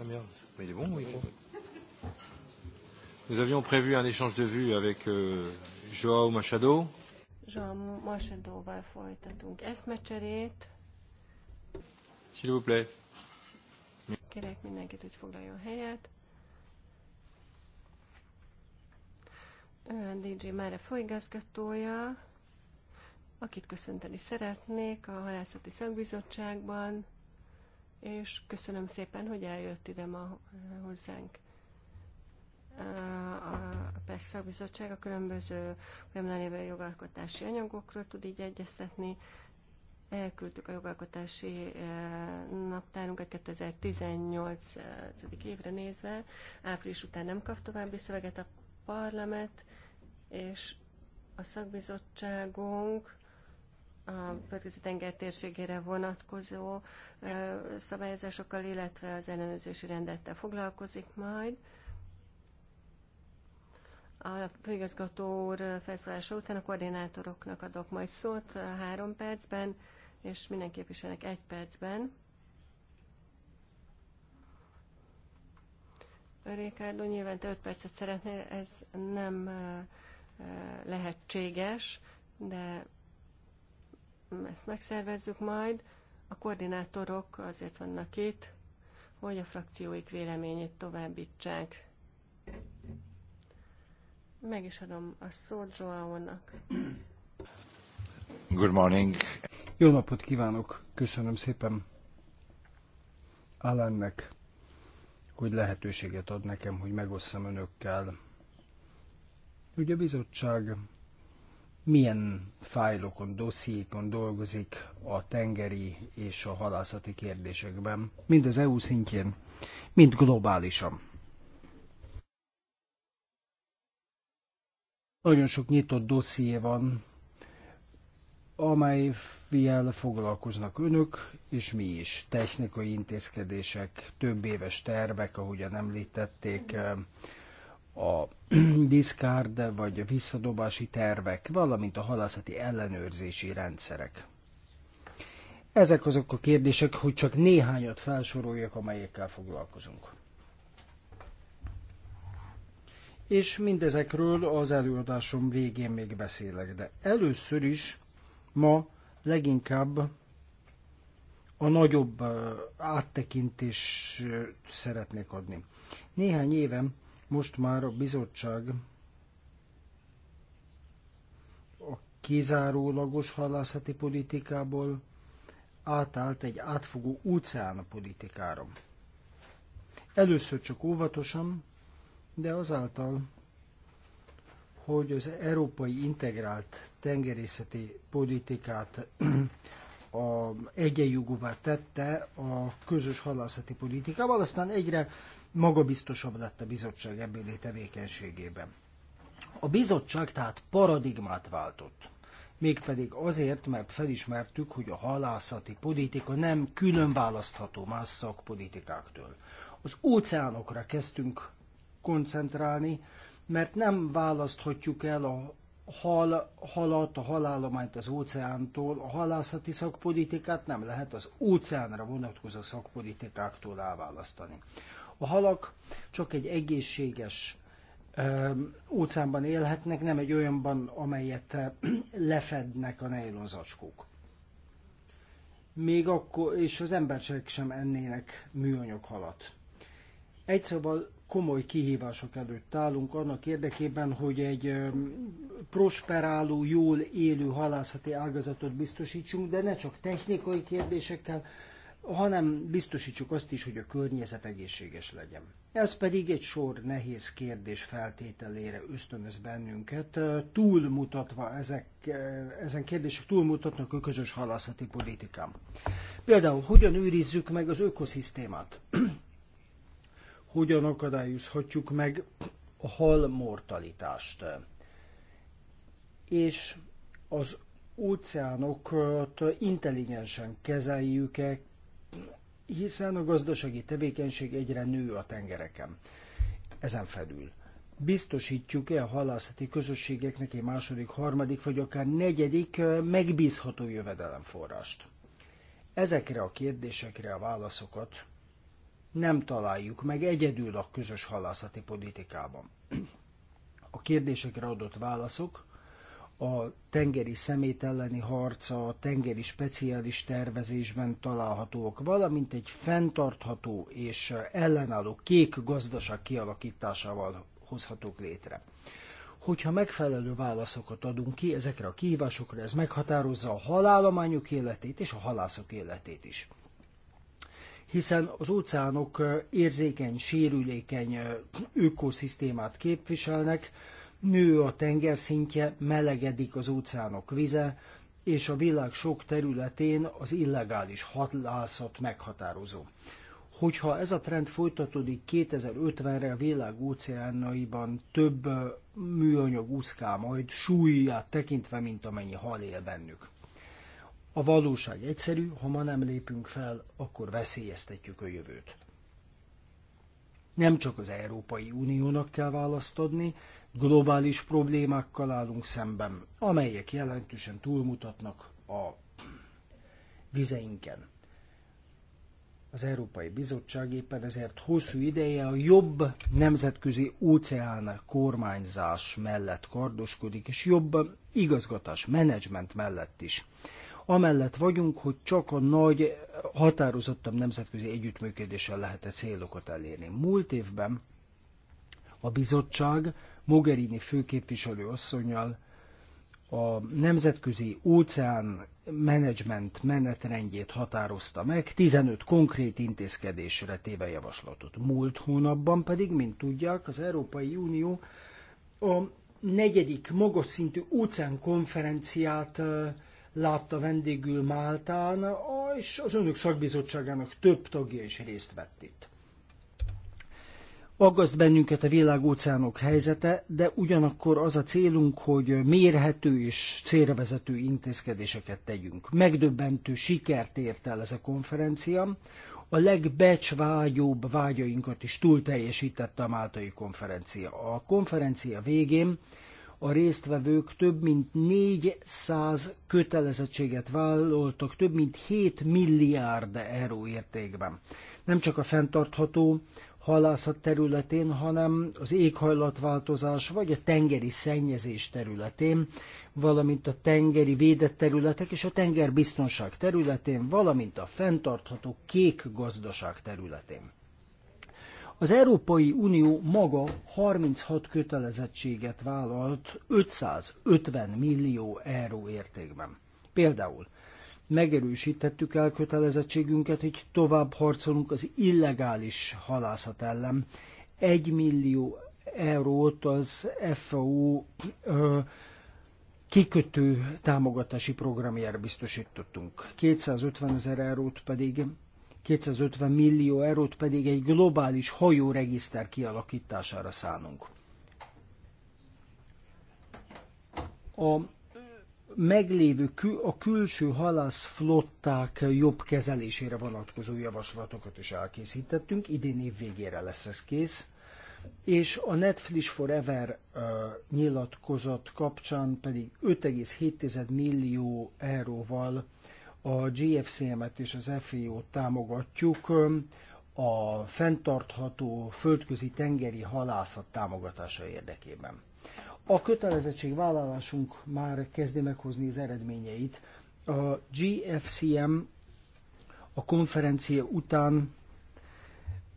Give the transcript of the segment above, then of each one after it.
Ah merde, mais il est bon mon micro. Nous avions prévu un échange de vues avec euh, Joao Machado. Joao Machadóval folytatunk eszmecserét. S'il vous plaît. Kérek mindenkit, hogy foglaljon helyet. Ő a DG Máre főigazgatója akit köszönteni szeretnék a Halászati Szakbizottságban, és köszönöm szépen, hogy eljött ide ma eh, hozzánk. Eh, a PEC szakbizottság a különböző folyamlálévő jogalkotási anyagokról tud így egyeztetni. Elküldtük a jogalkotási eh, naptárunkat 2018. évre nézve. Április után nem kap további szöveget a parlament, és a szakbizottságunk a földközi tenger térségére vonatkozó szabályozásokkal, illetve az ellenőrzési rendettel foglalkozik majd. A főigazgató úr felszólása után a koordinátoroknak adok majd szót három percben, és minden képviselőnek egy percben. Rékárdó, nyilván te öt percet szeretnél, ez nem lehetséges, de ezt megszervezzük majd. A koordinátorok azért vannak itt, hogy a frakcióik véleményét továbbítsák. Meg is adom a szót Joao-nak. Good morning. Jó napot kívánok, köszönöm szépen Alannek, hogy lehetőséget ad nekem, hogy megosszam önökkel. Ugye a bizottság milyen fájlokon, dossziékon dolgozik a tengeri és a halászati kérdésekben, mind az EU szintjén, mind globálisan. Nagyon sok nyitott dosszié van, amely fiel foglalkoznak önök, és mi is. Technikai intézkedések, több éves tervek, ahogyan említették, mm a diszkárd vagy a visszadobási tervek, valamint a halászati ellenőrzési rendszerek. Ezek azok a kérdések, hogy csak néhányat felsoroljak, amelyekkel foglalkozunk. És mindezekről az előadásom végén még beszélek, de először is ma leginkább a nagyobb áttekintést szeretnék adni. Néhány évem most már a bizottság a kizárólagos halászati politikából átállt egy átfogó óceán politikára. Először csak óvatosan, de azáltal, hogy az európai integrált tengerészeti politikát a egyenjogúvá tette a közös halászati politikával, aztán egyre magabiztosabb lett a bizottság ebbéli tevékenységében. A bizottság tehát paradigmát váltott. Mégpedig azért, mert felismertük, hogy a halászati politika nem külön választható más szakpolitikáktól. Az óceánokra kezdtünk koncentrálni, mert nem választhatjuk el a hal, halat, a halállományt az óceántól, a halászati szakpolitikát nem lehet az óceánra vonatkozó szakpolitikáktól elválasztani. A halak csak egy egészséges óceánban élhetnek, nem egy olyanban, amelyet lefednek a nejlonzacskók. Még akkor, és az emberek sem ennének műanyag halat. Egy szóval komoly kihívások előtt állunk annak érdekében, hogy egy prosperáló, jól élő halászati ágazatot biztosítsunk, de ne csak technikai kérdésekkel, hanem biztosítsuk azt is, hogy a környezet egészséges legyen. Ez pedig egy sor nehéz kérdés feltételére ösztönöz bennünket, túlmutatva ezek, ezen kérdések túlmutatnak a közös halászati politikám. Például, hogyan őrizzük meg az ökoszisztémát? hogyan akadályozhatjuk meg a hal mortalitást? És az óceánokat intelligensen kezeljük-e, hiszen a gazdasági tevékenység egyre nő a tengereken. Ezen felül biztosítjuk-e a halászati közösségeknek egy második, harmadik vagy akár negyedik megbízható jövedelemforrást? Ezekre a kérdésekre a válaszokat nem találjuk meg egyedül a közös halászati politikában. A kérdésekre adott válaszok a tengeri szemét elleni harca a tengeri speciális tervezésben találhatók, valamint egy fenntartható és ellenálló kék gazdaság kialakításával hozhatók létre. Hogyha megfelelő válaszokat adunk ki ezekre a kihívásokra, ez meghatározza a halálományok életét és a halászok életét is hiszen az óceánok érzékeny, sérülékeny ökoszisztémát képviselnek, nő a tenger szintje, melegedik az óceánok vize, és a világ sok területén az illegális hadlászat meghatározó. Hogyha ez a trend folytatódik 2050-re a világ óceánaiban több műanyag úszkál majd súlyát tekintve, mint amennyi hal él bennük. A valóság egyszerű, ha ma nem lépünk fel, akkor veszélyeztetjük a jövőt. Nem csak az Európai Uniónak kell választ adni, globális problémákkal állunk szemben, amelyek jelentősen túlmutatnak a vizeinken. Az Európai Bizottság éppen ezért hosszú ideje a jobb nemzetközi óceán kormányzás mellett kardoskodik, és jobb igazgatás, menedzsment mellett is. Amellett vagyunk, hogy csak a nagy, határozottabb nemzetközi együttműködéssel lehet a célokat elérni. Múlt évben a bizottság Mogherini főképviselő asszonyjal a nemzetközi óceán menedzsment menetrendjét határozta meg, 15 konkrét intézkedésre téve javaslatot. Múlt hónapban pedig, mint tudják, az Európai Unió a negyedik magas szintű konferenciát látta vendégül Máltán, és az önök szakbizottságának több tagja is részt vett itt. Aggaszt bennünket a világóceánok helyzete, de ugyanakkor az a célunk, hogy mérhető és célrevezető intézkedéseket tegyünk. Megdöbbentő sikert ért el ez a konferencia, a legbecsvágyóbb vágyainkat is túl teljesítette a Máltai konferencia. A konferencia végén a résztvevők több mint 400 kötelezettséget vállaltak, több mint 7 milliárd euró értékben. Nem csak a fenntartható halászat területén, hanem az éghajlatváltozás vagy a tengeri szennyezés területén, valamint a tengeri védett területek és a tengerbiztonság területén, valamint a fenntartható kék gazdaság területén. Az Európai Unió maga 36 kötelezettséget vállalt 550 millió euró értékben. Például megerősítettük elkötelezettségünket, hogy tovább harcolunk az illegális halászat ellen. Egy millió eurót az FAO ö, kikötő támogatási programjára biztosítottunk. 250 ezer eurót pedig 250 millió eurót pedig egy globális hajóregiszter kialakítására szánunk. A meglévő kül, a külső halászflották jobb kezelésére vonatkozó javaslatokat is elkészítettünk, idén év végére lesz ez kész, és a Netflix Forever uh, nyilatkozat kapcsán pedig 5,7 millió euróval a GFCM-et és az FAO-t támogatjuk a fenntartható földközi tengeri halászat támogatása érdekében a kötelezettségvállalásunk már kezdi meghozni az eredményeit. A GFCM a konferencia után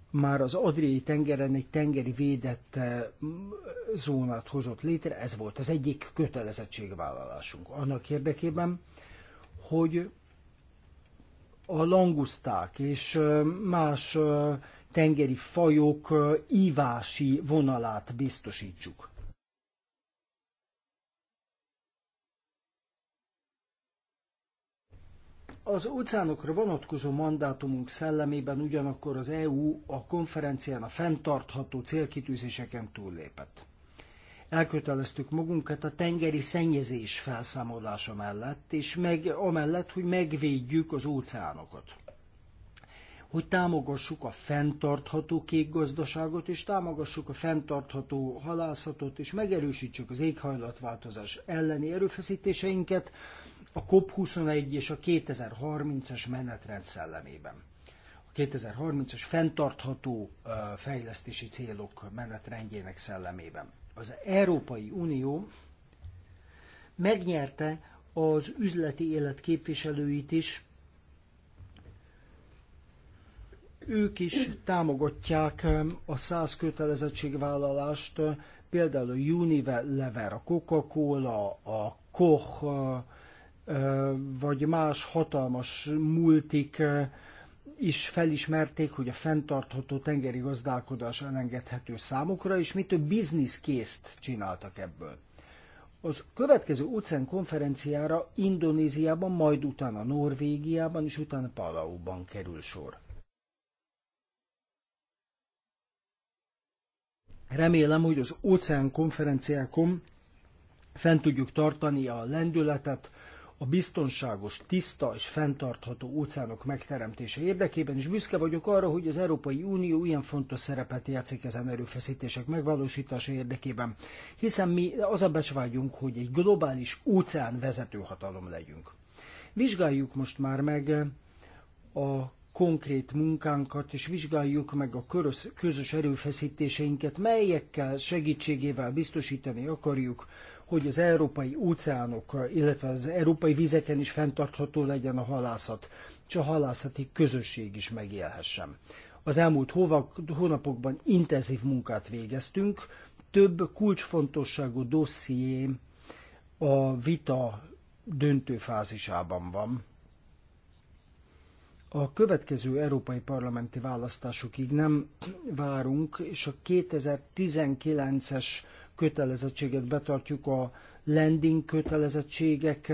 már az Adriai tengeren egy tengeri védett eh, zónát hozott létre, ez volt az egyik kötelezettségvállalásunk. Annak érdekében, hogy a languszták és eh, más eh, tengeri fajok ívási vonalát biztosítsuk. Az óceánokra vonatkozó mandátumunk szellemében ugyanakkor az EU a konferencián a fenntartható célkitűzéseken túllépett. Elköteleztük magunkat a tengeri szennyezés felszámolása mellett, és meg, amellett, hogy megvédjük az óceánokat. Hogy támogassuk a fenntartható kék gazdaságot, és támogassuk a fenntartható halászatot, és megerősítsük az éghajlatváltozás elleni erőfeszítéseinket, a COP21 és a 2030 es menetrend szellemében. A 2030-as fenntartható fejlesztési célok menetrendjének szellemében. Az Európai Unió megnyerte az üzleti élet képviselőit is, ők is támogatják a száz kötelezettségvállalást, például a Unilever, a Coca-Cola, a Koch, vagy más hatalmas multik is felismerték, hogy a fenntartható tengeri gazdálkodás elengedhető számukra, és mitől több business case-t csináltak ebből. Az következő OCEN konferenciára Indonéziában, majd utána Norvégiában és utána Palauban kerül sor. Remélem, hogy az OCEN konferenciákon fent tudjuk tartani a lendületet, a biztonságos, tiszta és fenntartható óceánok megteremtése érdekében, és büszke vagyok arra, hogy az Európai Unió ilyen fontos szerepet játszik ezen erőfeszítések megvalósítása érdekében, hiszen mi az a becsvágyunk, hogy egy globális óceán vezető hatalom legyünk. Vizsgáljuk most már meg a konkrét munkánkat, és vizsgáljuk meg a közös erőfeszítéseinket, melyekkel segítségével biztosítani akarjuk, hogy az európai óceánok, illetve az európai vizeken is fenntartható legyen a halászat, és a halászati közösség is megélhessen. Az elmúlt hónapokban intenzív munkát végeztünk, több kulcsfontosságú dosszié a vita döntő fázisában van. A következő európai parlamenti választásokig nem várunk, és a 2019-es kötelezettséget betartjuk a lending kötelezettségek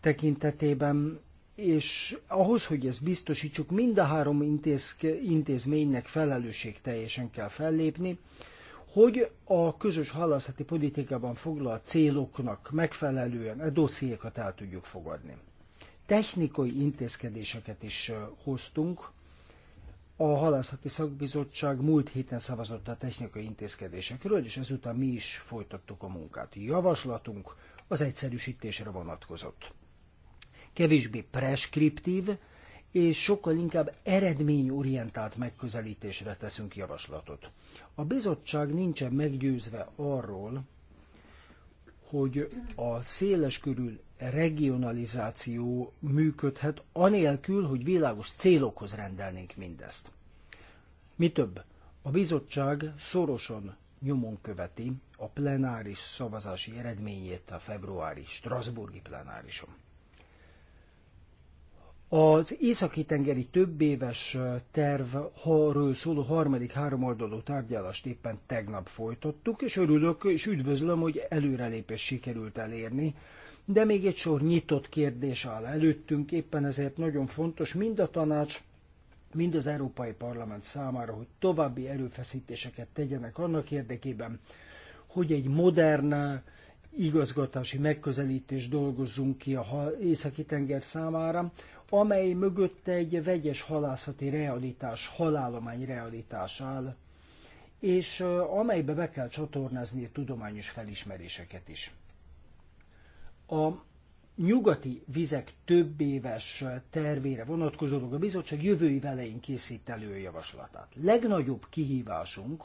tekintetében, és ahhoz, hogy ezt biztosítsuk, mind a három intéz, intézménynek felelősség teljesen kell fellépni, hogy a közös halászati politikában foglalt céloknak megfelelően a dossziékat el tudjuk fogadni. Technikai intézkedéseket is hoztunk, a halászati szakbizottság múlt héten szavazott a technikai intézkedésekről, és ezután mi is folytattuk a munkát. Javaslatunk az egyszerűsítésre vonatkozott. Kevésbé preskriptív, és sokkal inkább eredményorientált megközelítésre teszünk javaslatot. A bizottság nincsen meggyőzve arról, hogy a széles körül regionalizáció működhet, anélkül, hogy világos célokhoz rendelnénk mindezt. Mi több, a bizottság szorosan nyomon követi a plenáris szavazási eredményét a februári Strasburgi plenárison. Az északi-tengeri éves tervről szóló harmadik háromoldalú tárgyalást éppen tegnap folytattuk, és örülök és üdvözlöm, hogy előrelépés sikerült elérni, de még egy sor nyitott kérdés áll előttünk, éppen ezért nagyon fontos mind a tanács, mind az Európai Parlament számára, hogy további erőfeszítéseket tegyenek annak érdekében, hogy egy modern igazgatási megközelítés dolgozzunk ki a északi tenger számára, amely mögött egy vegyes halászati realitás, halálomány realitás áll, és amelybe be kell csatornázni a tudományos felismeréseket is. A nyugati vizek több éves tervére vonatkozólag a bizottság jövői elején készít elő javaslatát. Legnagyobb kihívásunk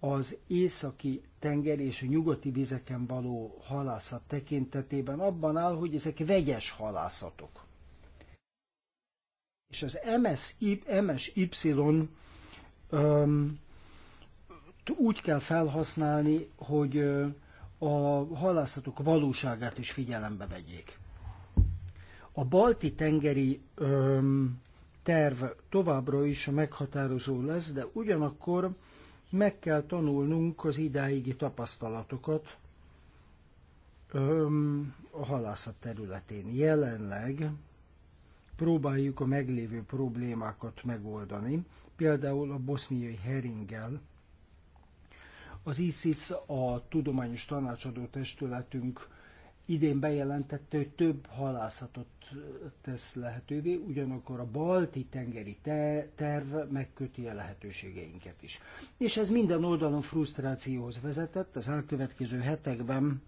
az északi tenger és a nyugati vizeken való halászat tekintetében abban áll, hogy ezek vegyes halászatok. És az MSY, MSY öm, úgy kell felhasználni, hogy a halászatok valóságát is figyelembe vegyék. A balti tengeri öm, terv továbbra is meghatározó lesz, de ugyanakkor meg kell tanulnunk az idáigi tapasztalatokat a halászat területén. Jelenleg próbáljuk a meglévő problémákat megoldani, például a boszniai heringgel. Az ISIS a tudományos tanácsadó testületünk idén bejelentette, hogy több halászatot tesz lehetővé, ugyanakkor a balti tengeri te- terv megköti a lehetőségeinket is. És ez minden oldalon frusztrációhoz vezetett, az elkövetkező hetekben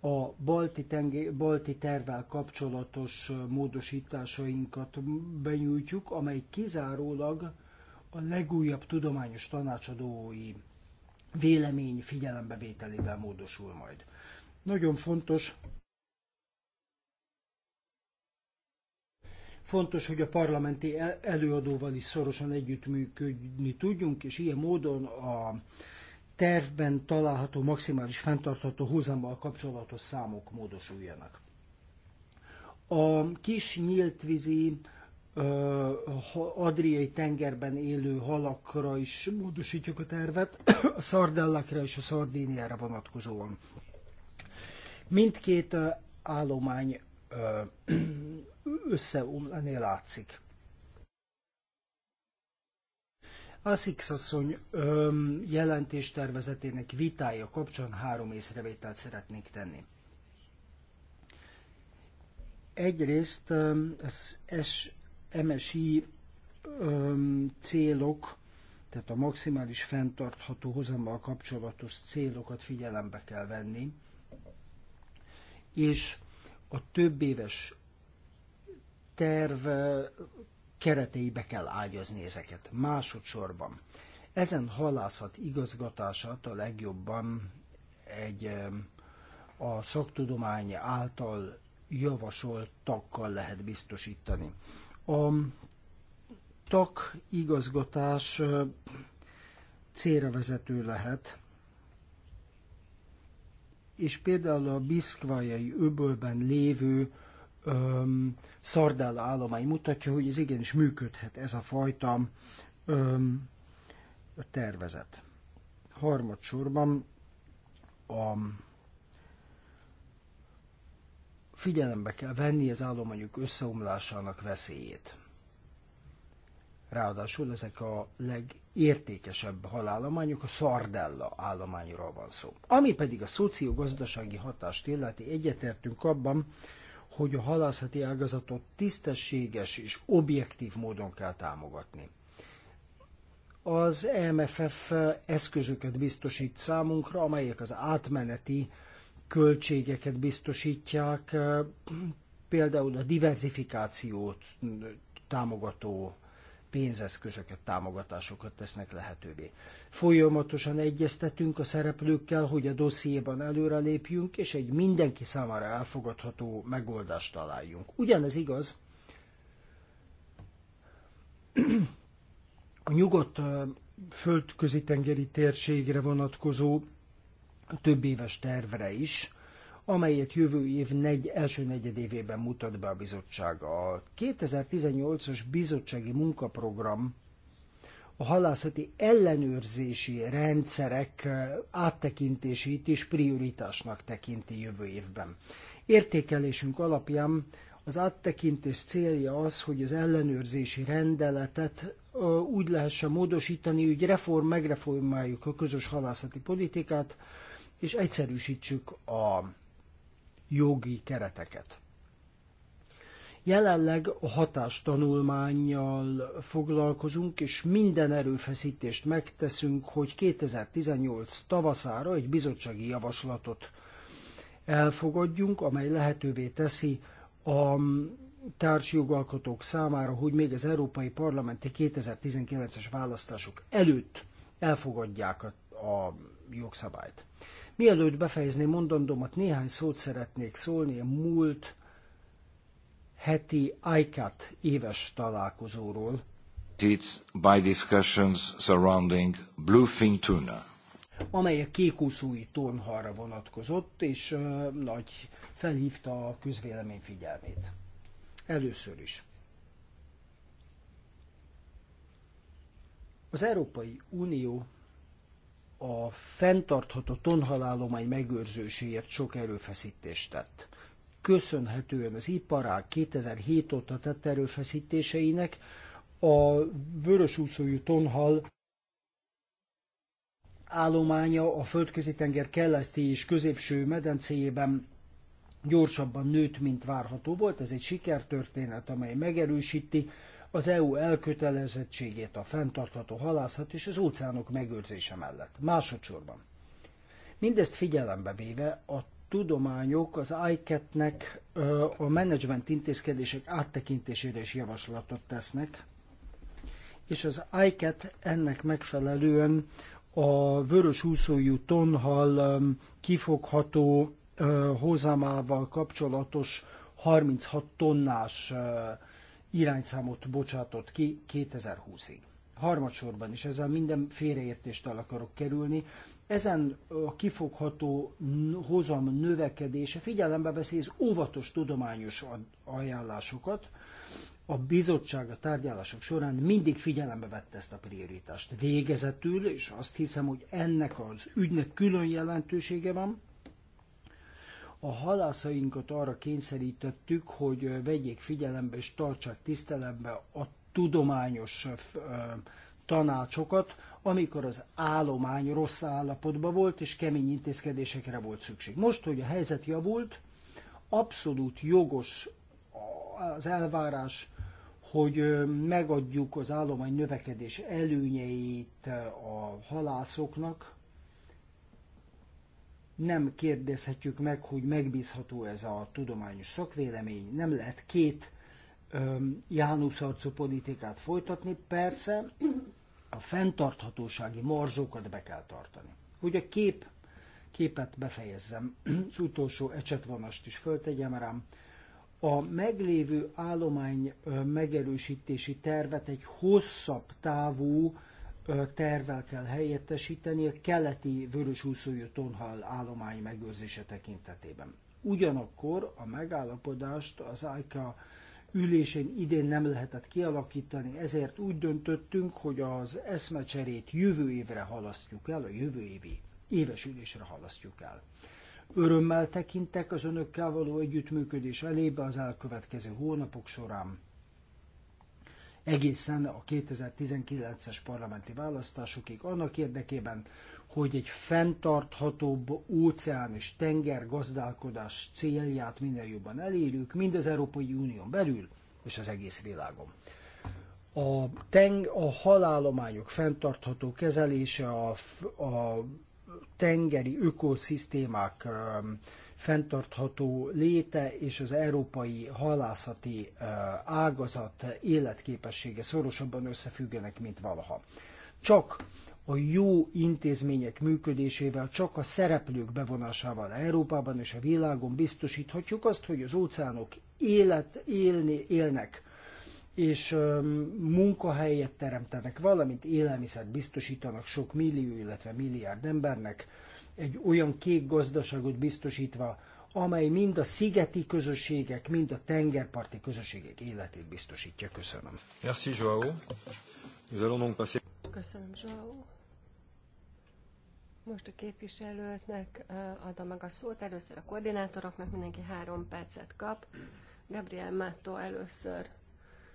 a balti, tenge- balti tervvel kapcsolatos módosításainkat benyújtjuk, amely kizárólag a legújabb tudományos tanácsadói vélemény figyelembevételével módosul majd. Nagyon fontos, fontos, hogy a parlamenti előadóval is szorosan együttműködni tudjunk, és ilyen módon a tervben található maximális fenntartható hozammal kapcsolatos számok módosuljanak. A kis nyíltvízi Adriai tengerben élő halakra is módosítjuk a tervet, a szardellakra és a szardéniára vonatkozóan. Mindkét állomány összeomlani látszik. A asszony jelentéstervezetének vitája kapcsán három észrevételt szeretnék tenni. Egyrészt az MSI célok, tehát a maximális fenntartható hozammal kapcsolatos célokat figyelembe kell venni, és a több éves terv eh, kereteibe kell ágyazni ezeket. Másodszorban ezen halászat igazgatását a legjobban egy eh, a szaktudomány által javasolt takkal lehet biztosítani. A tak igazgatás eh, célra vezető lehet, és például a biszkvajai öbölben lévő öm, szardála állomány mutatja, hogy ez igenis működhet ez a fajta öm, tervezet. Harmadsorban a figyelembe kell venni az állományok összeomlásának veszélyét. Ráadásul ezek a legértékesebb halállományok, a szardella állományról van szó. Ami pedig a szociogazdasági hatást illeti, egyetértünk abban, hogy a halászati ágazatot tisztességes és objektív módon kell támogatni. Az EMFF eszközöket biztosít számunkra, amelyek az átmeneti költségeket biztosítják, például a diversifikációt támogató pénzeszközöket, támogatásokat tesznek lehetővé. Folyamatosan egyeztetünk a szereplőkkel, hogy a dossziéban előrelépjünk, és egy mindenki számára elfogadható megoldást találjunk. Ugyanez igaz a nyugodt földközi tengeri térségre vonatkozó több éves tervre is, amelyet jövő év negy, első negyedévében mutat be a bizottság. A 2018-as bizottsági munkaprogram a halászati ellenőrzési rendszerek áttekintését is prioritásnak tekinti jövő évben. Értékelésünk alapján az áttekintés célja az, hogy az ellenőrzési rendeletet úgy lehessen módosítani, hogy reform, megreformáljuk a közös halászati politikát, és egyszerűsítsük a jogi kereteket. Jelenleg a hatástanulmányjal foglalkozunk, és minden erőfeszítést megteszünk, hogy 2018 tavaszára egy bizottsági javaslatot elfogadjunk, amely lehetővé teszi a társjogalkotók számára, hogy még az Európai Parlamenti 2019-es választások előtt elfogadják a, a jogszabályt. Mielőtt befejezni mondandómat, néhány szót szeretnék szólni a múlt heti ICAT éves találkozóról. By discussions surrounding bluefin tuna amely a kékúszói tonhalra vonatkozott, és ö, nagy felhívta a közvélemény figyelmét. Először is. Az Európai Unió a fenntartható tonhalállomány megőrzőséért sok erőfeszítést tett. Köszönhetően az iparág 2007 óta tett erőfeszítéseinek a vörösúszójú tonhal állománya a földközi-tenger kelleszti és középső medencéjében gyorsabban nőtt, mint várható volt. Ez egy sikertörténet, amely megerősíti, az EU elkötelezettségét a fenntartható halászat és az óceánok megőrzése mellett. Másodszorban. Mindezt figyelembe véve a tudományok az ICAT-nek a menedzsment intézkedések áttekintésére is javaslatot tesznek, és az ICAT ennek megfelelően a vörös úszójú tonhal kifogható hozamával kapcsolatos 36 tonnás irányszámot bocsátott ki 2020-ig. Harmadsorban, is ezzel minden félreértést el akarok kerülni, ezen a kifogható hozam növekedése figyelembe veszi az óvatos tudományos ajánlásokat, a bizottság a tárgyalások során mindig figyelembe vette ezt a prioritást. Végezetül, és azt hiszem, hogy ennek az ügynek külön jelentősége van, a halászainkat arra kényszerítettük, hogy vegyék figyelembe és tartsák tisztelembe a tudományos tanácsokat, amikor az állomány rossz állapotban volt, és kemény intézkedésekre volt szükség. Most, hogy a helyzet javult, abszolút jogos az elvárás, hogy megadjuk az állomány növekedés előnyeit a halászoknak, nem kérdezhetjük meg, hogy megbízható ez a tudományos szakvélemény, nem lehet két öm, Jánusz arcú politikát folytatni, persze a fenntarthatósági marzsokat be kell tartani. Hogy a kép, képet befejezzem, az utolsó ecsetvonast is föltegyem rám, a meglévő állomány megerősítési tervet egy hosszabb távú tervvel kell helyettesíteni a keleti vörösúszójú tonhal állomány megőrzése tekintetében. Ugyanakkor a megállapodást az ICA ülésén idén nem lehetett kialakítani, ezért úgy döntöttünk, hogy az eszmecserét jövő évre halasztjuk el, a jövő évi éves ülésre halasztjuk el. Örömmel tekintek az önökkel való együttműködés elébe az elkövetkező hónapok során egészen a 2019-es parlamenti választásokig annak érdekében, hogy egy fenntarthatóbb óceán és tenger gazdálkodás célját minél jobban elérjük, mind az Európai Unión belül és az egész világon. A, teng, a halálományok fenntartható kezelése, a, a tengeri ökoszisztémák fenntartható léte és az európai halászati ágazat életképessége szorosabban összefüggenek, mint valaha. Csak a jó intézmények működésével, csak a szereplők bevonásával Európában és a világon biztosíthatjuk azt, hogy az óceánok élet, élni, élnek, és munkahelyet teremtenek, valamint élelmiszert biztosítanak sok millió, illetve milliárd embernek, egy olyan kék gazdaságot biztosítva, amely mind a szigeti közösségek, mind a tengerparti közösségek életét biztosítja. Köszönöm. Merci, Joao. Nous allons donc passer... Köszönöm, Joao. Most a képviselőknek eh, adom meg a szót. Először a koordinátoroknak mindenki három percet kap. Gabriel Mátó először.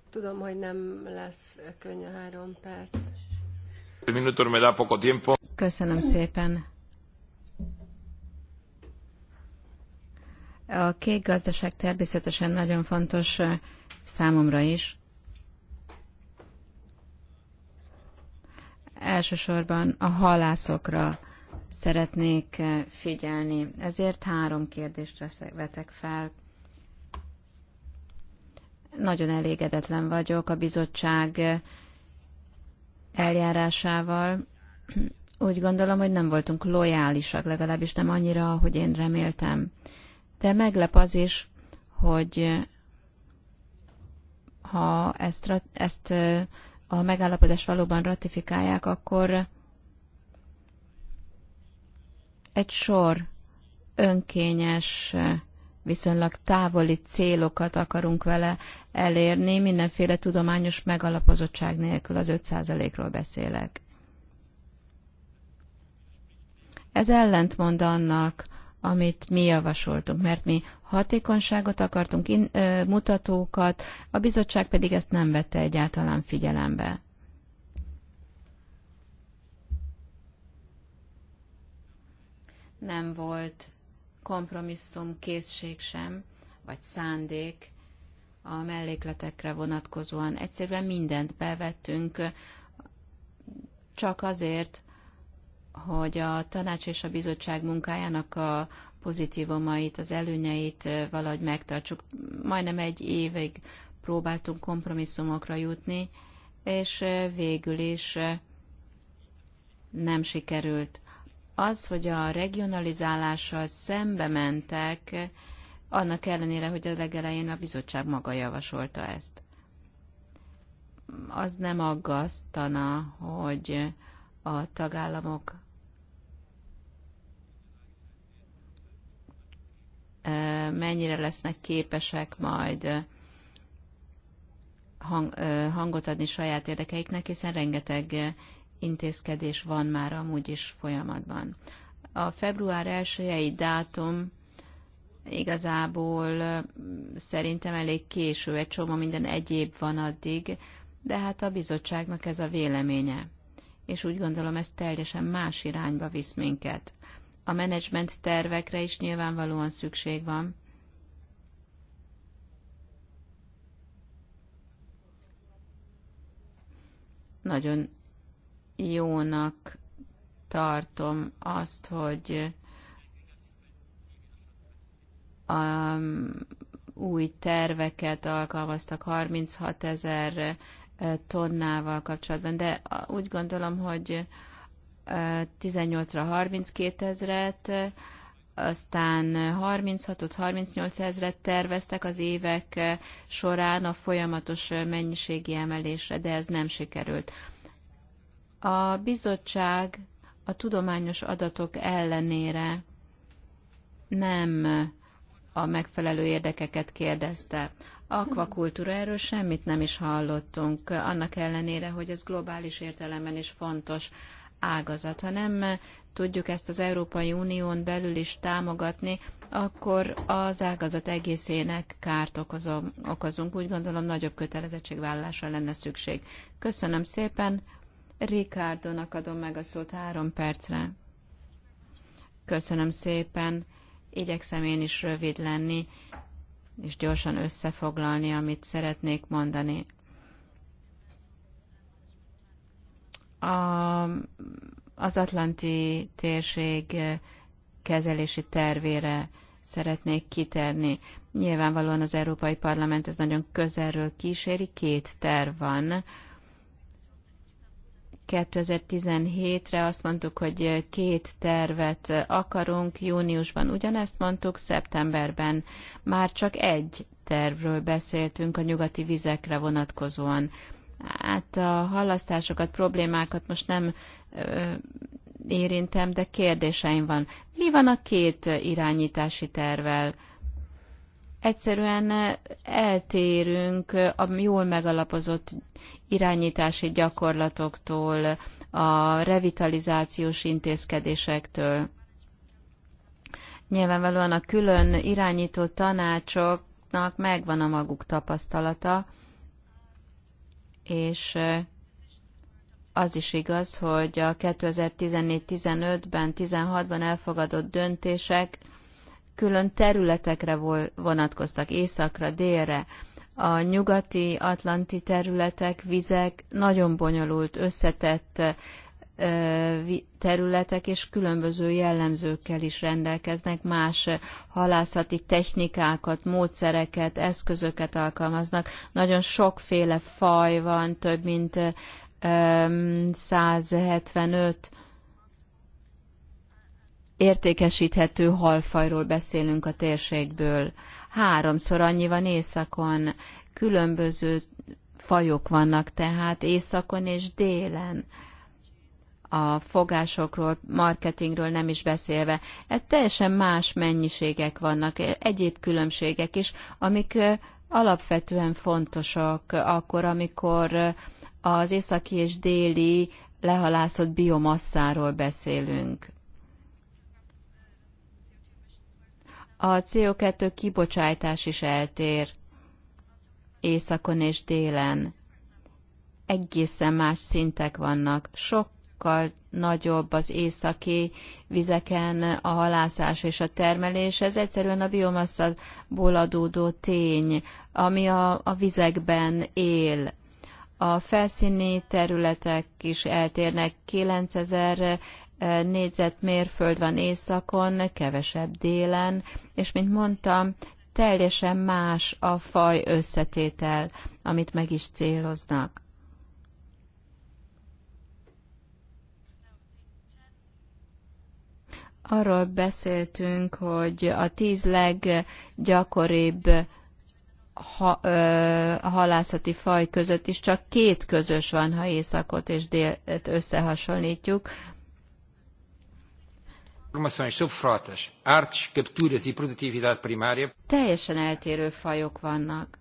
Tudom, hogy nem lesz könnyű három perc. Köszönöm szépen. A kék gazdaság természetesen nagyon fontos számomra is. Elsősorban a halászokra szeretnék figyelni. Ezért három kérdést vetek fel. Nagyon elégedetlen vagyok a bizottság eljárásával. Úgy gondolom, hogy nem voltunk lojálisak, legalábbis nem annyira, ahogy én reméltem de meglep az is, hogy ha ezt, ezt a megállapodást valóban ratifikálják, akkor egy sor önkényes, viszonylag távoli célokat akarunk vele elérni, mindenféle tudományos megalapozottság nélkül, az 5%-ról beszélek. Ez ellentmond annak, amit mi javasoltunk, mert mi hatékonyságot akartunk, in, ö, mutatókat, a bizottság pedig ezt nem vette egyáltalán figyelembe. Nem volt kompromisszum, készség sem, vagy szándék a mellékletekre vonatkozóan. Egyszerűen mindent bevettünk, csak azért, hogy a tanács és a bizottság munkájának a pozitívumait, az előnyeit valahogy megtartsuk. Majdnem egy évig próbáltunk kompromisszumokra jutni, és végül is nem sikerült. Az, hogy a regionalizálással szembe mentek, annak ellenére, hogy a legelején a bizottság maga javasolta ezt. Az nem aggasztana, hogy a tagállamok mennyire lesznek képesek majd hang, hangot adni saját érdekeiknek, hiszen rengeteg intézkedés van már amúgy is folyamatban. A február 1 dátum igazából szerintem elég késő, egy csomó minden egyéb van addig, de hát a bizottságnak ez a véleménye. És úgy gondolom, ez teljesen más irányba visz minket a menedzsment tervekre is nyilvánvalóan szükség van. Nagyon jónak tartom azt, hogy a um, új terveket alkalmaztak 36 ezer tonnával kapcsolatban, de úgy gondolom, hogy 18-ra 32 ezret, aztán 36-ot, 38 ezret terveztek az évek során a folyamatos mennyiségi emelésre, de ez nem sikerült. A bizottság a tudományos adatok ellenére nem a megfelelő érdekeket kérdezte. Akvakultúra, erről semmit nem is hallottunk, annak ellenére, hogy ez globális értelemben is fontos ágazat. Ha nem tudjuk ezt az Európai Unión belül is támogatni, akkor az ágazat egészének kárt okozom, okozunk. Úgy gondolom, nagyobb kötelezettségvállalásra lenne szükség. Köszönöm szépen. Ricardonak adom meg a szót három percre. Köszönöm szépen. Igyekszem én is rövid lenni, és gyorsan összefoglalni, amit szeretnék mondani. a, az Atlanti térség kezelési tervére szeretnék kiterni. Nyilvánvalóan az Európai Parlament ez nagyon közelről kíséri, két terv van. 2017-re azt mondtuk, hogy két tervet akarunk, júniusban ugyanezt mondtuk, szeptemberben már csak egy tervről beszéltünk a nyugati vizekre vonatkozóan. Hát a halasztásokat, problémákat most nem érintem, de kérdéseim van. Mi van a két irányítási tervel? Egyszerűen eltérünk a jól megalapozott irányítási gyakorlatoktól, a revitalizációs intézkedésektől. Nyilvánvalóan a külön irányító tanácsoknak megvan a maguk tapasztalata, és az is igaz, hogy a 2014-15-ben, 16-ban elfogadott döntések külön területekre vonatkoztak, északra, délre. A nyugati, atlanti területek, vizek nagyon bonyolult, összetett területek és különböző jellemzőkkel is rendelkeznek, más halászati technikákat, módszereket, eszközöket alkalmaznak. Nagyon sokféle faj van, több mint 175 értékesíthető halfajról beszélünk a térségből. Háromszor annyi van északon, különböző fajok vannak tehát északon és délen a fogásokról, marketingről nem is beszélve. Ez teljesen más mennyiségek vannak, e egyéb különbségek is, amik alapvetően fontosak akkor, amikor az északi és déli lehalászott biomasszáról beszélünk. A CO2 kibocsátás is eltér északon és délen. Egészen más szintek vannak, sok sokkal nagyobb az északi vizeken a halászás és a termelés. Ez egyszerűen a biomasszaból adódó tény, ami a, a vizekben él. A felszíni területek is eltérnek. 9000 eh, négyzetmérföld van északon, kevesebb délen, és mint mondtam, teljesen más a faj összetétel, amit meg is céloznak. arról beszéltünk, hogy a tíz leggyakoribb ha, ö, halászati faj között is csak két közös van, ha északot és délt összehasonlítjuk. E Teljesen eltérő fajok vannak.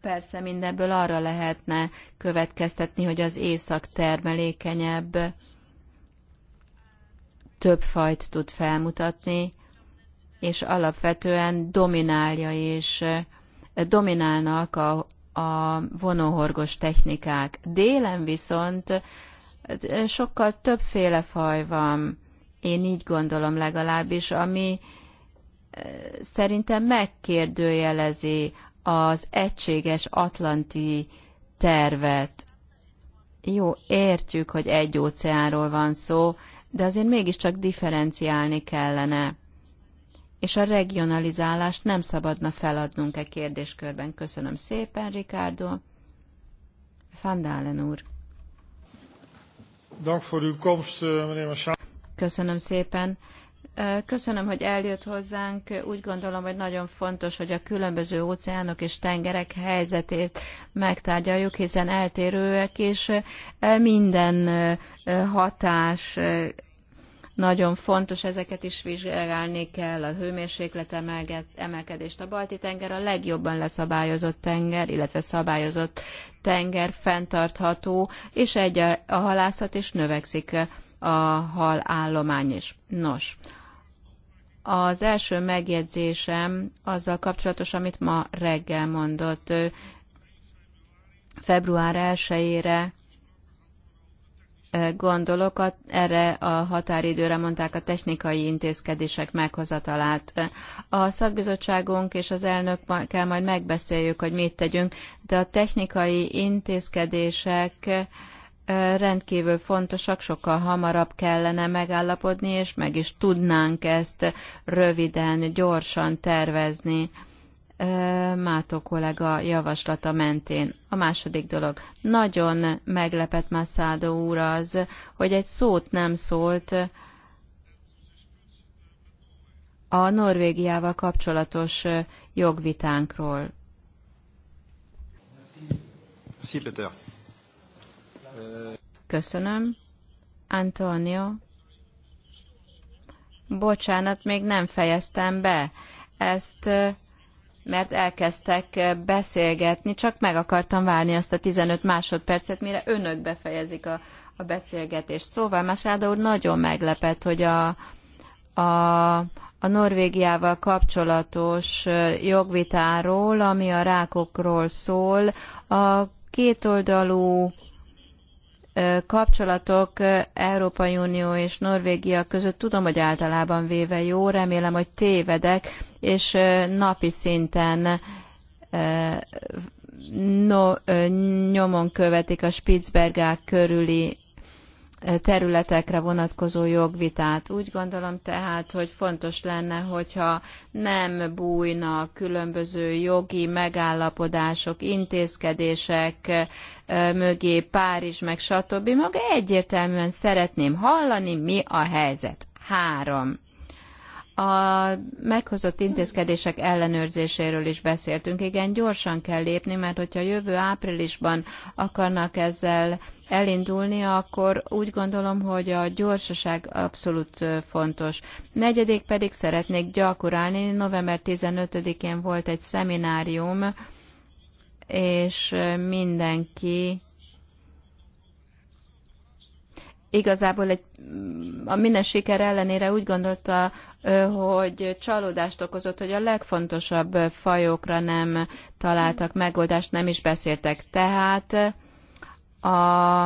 Persze mindebből arra lehetne következtetni, hogy az észak termelékenyebb, több fajt tud felmutatni, és alapvetően dominálja és eh, dominálnak a, a vonóhorgos technikák. Délen viszont eh, sokkal többféle faj van, én így gondolom legalábbis, ami eh, szerintem megkérdőjelezi az egységes atlanti tervet. Jó, értjük, hogy egy óceánról van szó, de azért mégiscsak differenciálni kellene. És a regionalizálást nem szabadna feladnunk e kérdéskörben. Köszönöm szépen, Ricardo. Fandálen úr. Eh, Köszönöm szépen. Köszönöm, hogy eljött hozzánk. Úgy gondolom, hogy nagyon fontos, hogy a különböző óceánok és tengerek helyzetét megtárgyaljuk, hiszen eltérőek, és e, minden e, hatás e, nagyon fontos, ezeket is vizsgálni kell, a hőmérséklet emelkedést. A Balti-tenger a legjobban leszabályozott tenger, illetve szabályozott tenger, fenntartható, és egy a halászat, és növekszik a hal állomány is. Nos, az első megjegyzésem azzal kapcsolatos, amit ma reggel mondott. Február 1-ére gondolok, erre a határidőre mondták a technikai intézkedések meghozatalát. A szakbizottságunk és az elnök kell majd megbeszéljük, hogy mit tegyünk, de a technikai intézkedések rendkívül fontosak, sokkal hamarabb kellene megállapodni, és meg is tudnánk ezt röviden, gyorsan tervezni. Mátó kollega javaslata mentén. A második dolog. Nagyon meglepett Massado úr az, hogy egy szót nem szólt a Norvégiával kapcsolatos jogvitánkról. Köszönöm. Köszönöm. Antonio. Bocsánat, még nem fejeztem be. Ezt mert elkezdtek beszélgetni, csak meg akartam várni azt a 15 másodpercet, mire önök befejezik a, a beszélgetést. Szóval Másáda úr nagyon meglepett, hogy a, a, a Norvégiával kapcsolatos jogvitáról, ami a rákokról szól, a kétoldalú kapcsolatok Európai Unió és Norvégia között tudom, hogy általában véve jó, remélem, hogy tévedek, és napi szinten no, nyomon követik a Spitzbergák körüli területekre vonatkozó jogvitát. Úgy gondolom tehát, hogy fontos lenne, hogyha nem bújna különböző jogi megállapodások, intézkedések mögé, Párizs, meg stb. Maga egyértelműen szeretném hallani, mi a helyzet. Három. A meghozott intézkedések ellenőrzéséről is beszéltünk. Igen, gyorsan kell lépni, mert hogyha jövő áprilisban akarnak ezzel elindulni, akkor úgy gondolom, hogy a gyorsaság abszolút fontos. Negyedik pedig szeretnék gyakorálni. November 15-én volt egy szeminárium, és mindenki igazából egy, a minden siker ellenére úgy gondolta, hogy csalódást okozott, hogy a legfontosabb fajokra nem találtak megoldást, nem is beszéltek. Tehát a,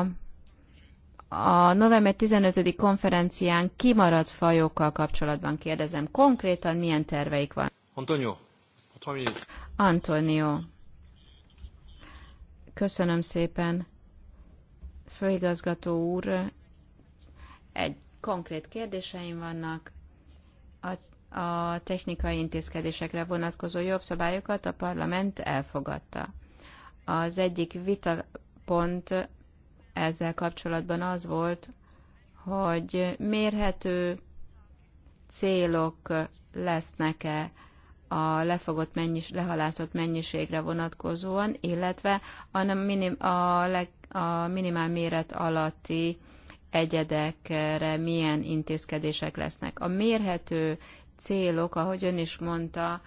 a november 15. konferencián kimaradt fajokkal kapcsolatban kérdezem, konkrétan milyen terveik van? Antonio. Antonio. Köszönöm szépen. Főigazgató úr, egy konkrét kérdéseim vannak. A a technikai intézkedésekre vonatkozó jogszabályokat a parlament elfogadta. Az egyik vitapont ezzel kapcsolatban az volt, hogy mérhető célok lesznek-e a lefogott mennyis, lehalászott mennyiségre vonatkozóan, illetve a, minim, a, leg, a minimál méret alatti egyedekre milyen intézkedések lesznek. A mérhető célok, ahogy ön is mondta,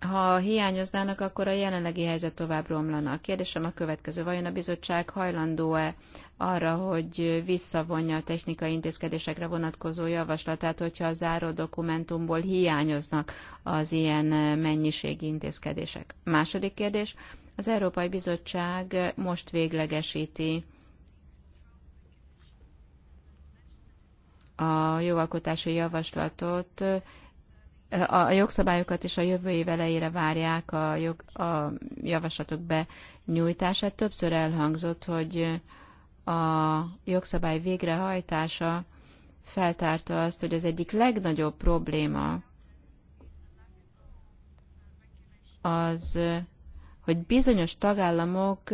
ha hiányoznának, akkor a jelenlegi helyzet tovább romlana. A kérdésem a következő. Vajon a bizottság hajlandó-e arra, hogy visszavonja a technikai intézkedésekre vonatkozó javaslatát, hogyha a záró dokumentumból hiányoznak az ilyen mennyiségi intézkedések? Második kérdés. Az Európai Bizottság most véglegesíti a jogalkotási javaslatot, a jogszabályokat is a jövő év elejére várják a, jog, a javaslatok benyújtását. Többször elhangzott, hogy a jogszabály végrehajtása feltárta azt, hogy az egyik legnagyobb probléma az hogy bizonyos tagállamok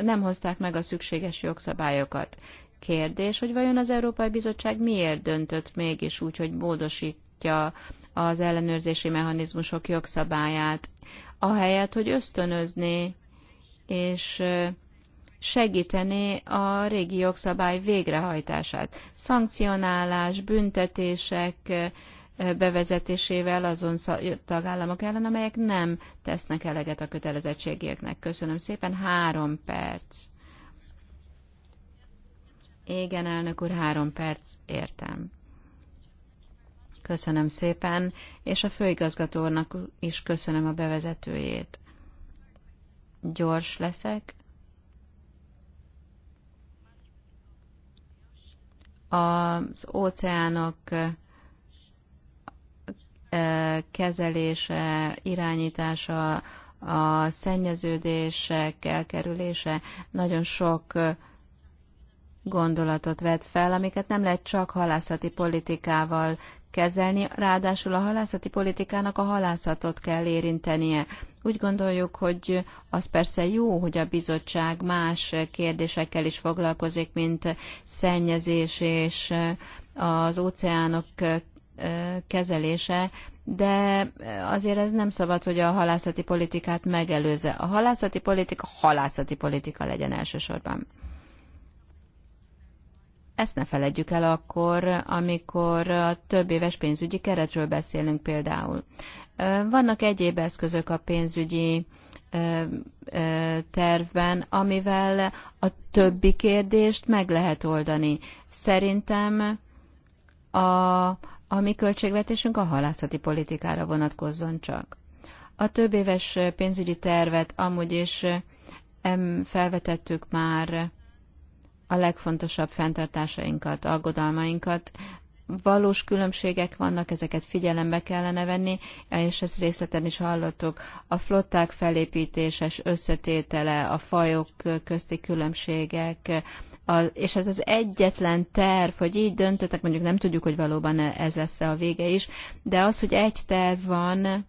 nem hozták meg a szükséges jogszabályokat. Kérdés, hogy vajon az Európai Bizottság miért döntött mégis úgy, hogy módosítja az ellenőrzési mechanizmusok jogszabályát, ahelyett, hogy ösztönözni és segíteni a régi jogszabály végrehajtását. Szankcionálás, büntetések, bevezetésével azon tagállamok ellen, amelyek nem tesznek eleget a kötelezettségieknek. Köszönöm szépen. Három perc. Igen, elnök úr, három perc. Értem. Köszönöm szépen, és a főigazgatónak is köszönöm a bevezetőjét. Gyors leszek. Az óceánok kezelése, irányítása, a szennyeződések elkerülése nagyon sok gondolatot vet fel, amiket nem lehet csak halászati politikával kezelni, ráadásul a halászati politikának a halászatot kell érintenie. Úgy gondoljuk, hogy az persze jó, hogy a bizottság más kérdésekkel is foglalkozik, mint szennyezés és az óceánok kezelése, de azért ez nem szabad, hogy a halászati politikát megelőzze. A halászati politika halászati politika legyen elsősorban. Ezt ne feledjük el akkor, amikor a több éves pénzügyi keretről beszélünk például. Vannak egyéb eszközök a pénzügyi tervben, amivel a többi kérdést meg lehet oldani. Szerintem a a mi költségvetésünk a halászati politikára vonatkozzon csak. A több éves pénzügyi tervet amúgy is felvetettük már a legfontosabb fenntartásainkat, aggodalmainkat. Valós különbségek vannak, ezeket figyelembe kellene venni, és ezt részleten is hallottuk. A flották felépítéses összetétele, a fajok közti különbségek, a, és ez az egyetlen terv, hogy így döntöttek, mondjuk nem tudjuk, hogy valóban e, ez lesz a vége is, de az, hogy egy terv van,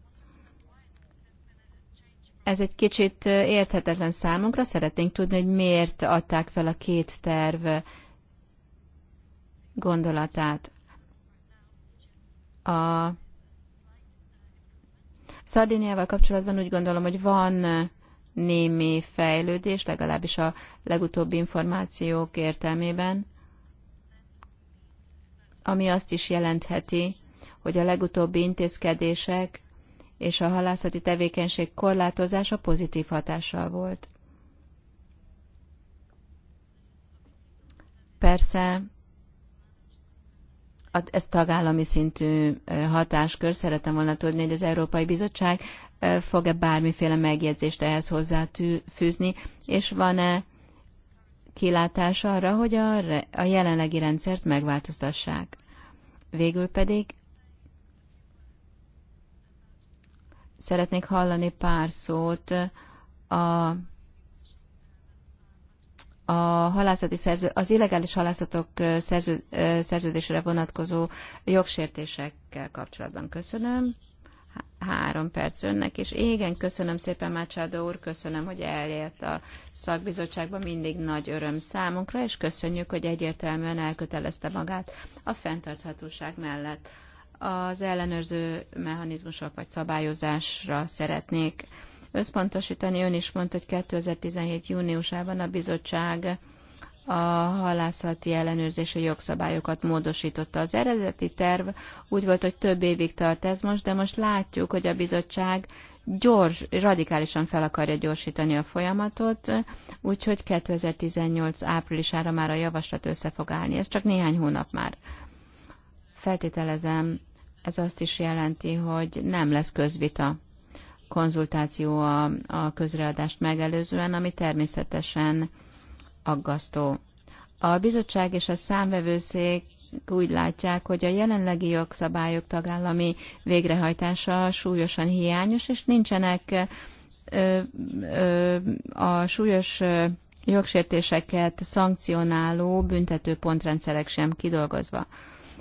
ez egy kicsit érthetetlen számunkra. Szeretnénk tudni, hogy miért adták fel a két terv gondolatát. A Szardiniával kapcsolatban úgy gondolom, hogy van némi fejlődés, legalábbis a legutóbbi információk értelmében, ami azt is jelentheti, hogy a legutóbbi intézkedések és a halászati tevékenység korlátozása pozitív hatással volt. Persze ez tagállami szintű hatáskör. Szeretem volna tudni, hogy az Európai Bizottság fog-e bármiféle megjegyzést ehhez hozzáfűzni, és van-e kilátás arra, hogy a, a jelenlegi rendszert megváltoztassák. Végül pedig szeretnék hallani pár szót a, a halászati szerző, az illegális halászatok szerző, szerződésre vonatkozó jogsértésekkel kapcsolatban. Köszönöm három perc önnek, és igen, köszönöm szépen Mácsádó úr, köszönöm, hogy eljött a szakbizottságban, mindig nagy öröm számunkra, és köszönjük, hogy egyértelműen elkötelezte magát a fenntarthatóság mellett. Az ellenőrző mechanizmusok vagy szabályozásra szeretnék összpontosítani. Ön is mondta, hogy 2017. júniusában a bizottság a halászati ellenőrzési jogszabályokat módosította. Az eredeti terv úgy volt, hogy több évig tart ez most, de most látjuk, hogy a bizottság gyors, radikálisan fel akarja gyorsítani a folyamatot, úgyhogy 2018 áprilisára már a javaslat össze fog állni. Ez csak néhány hónap már. Feltételezem, ez azt is jelenti, hogy nem lesz közvita, konzultáció a, a közreadást megelőzően, ami természetesen aggasztó. A bizottság és a számvevőszék úgy látják, hogy a jelenlegi jogszabályok tagállami végrehajtása súlyosan hiányos, és nincsenek ö, ö, a súlyos jogsértéseket szankcionáló büntető pontrendszerek sem kidolgozva.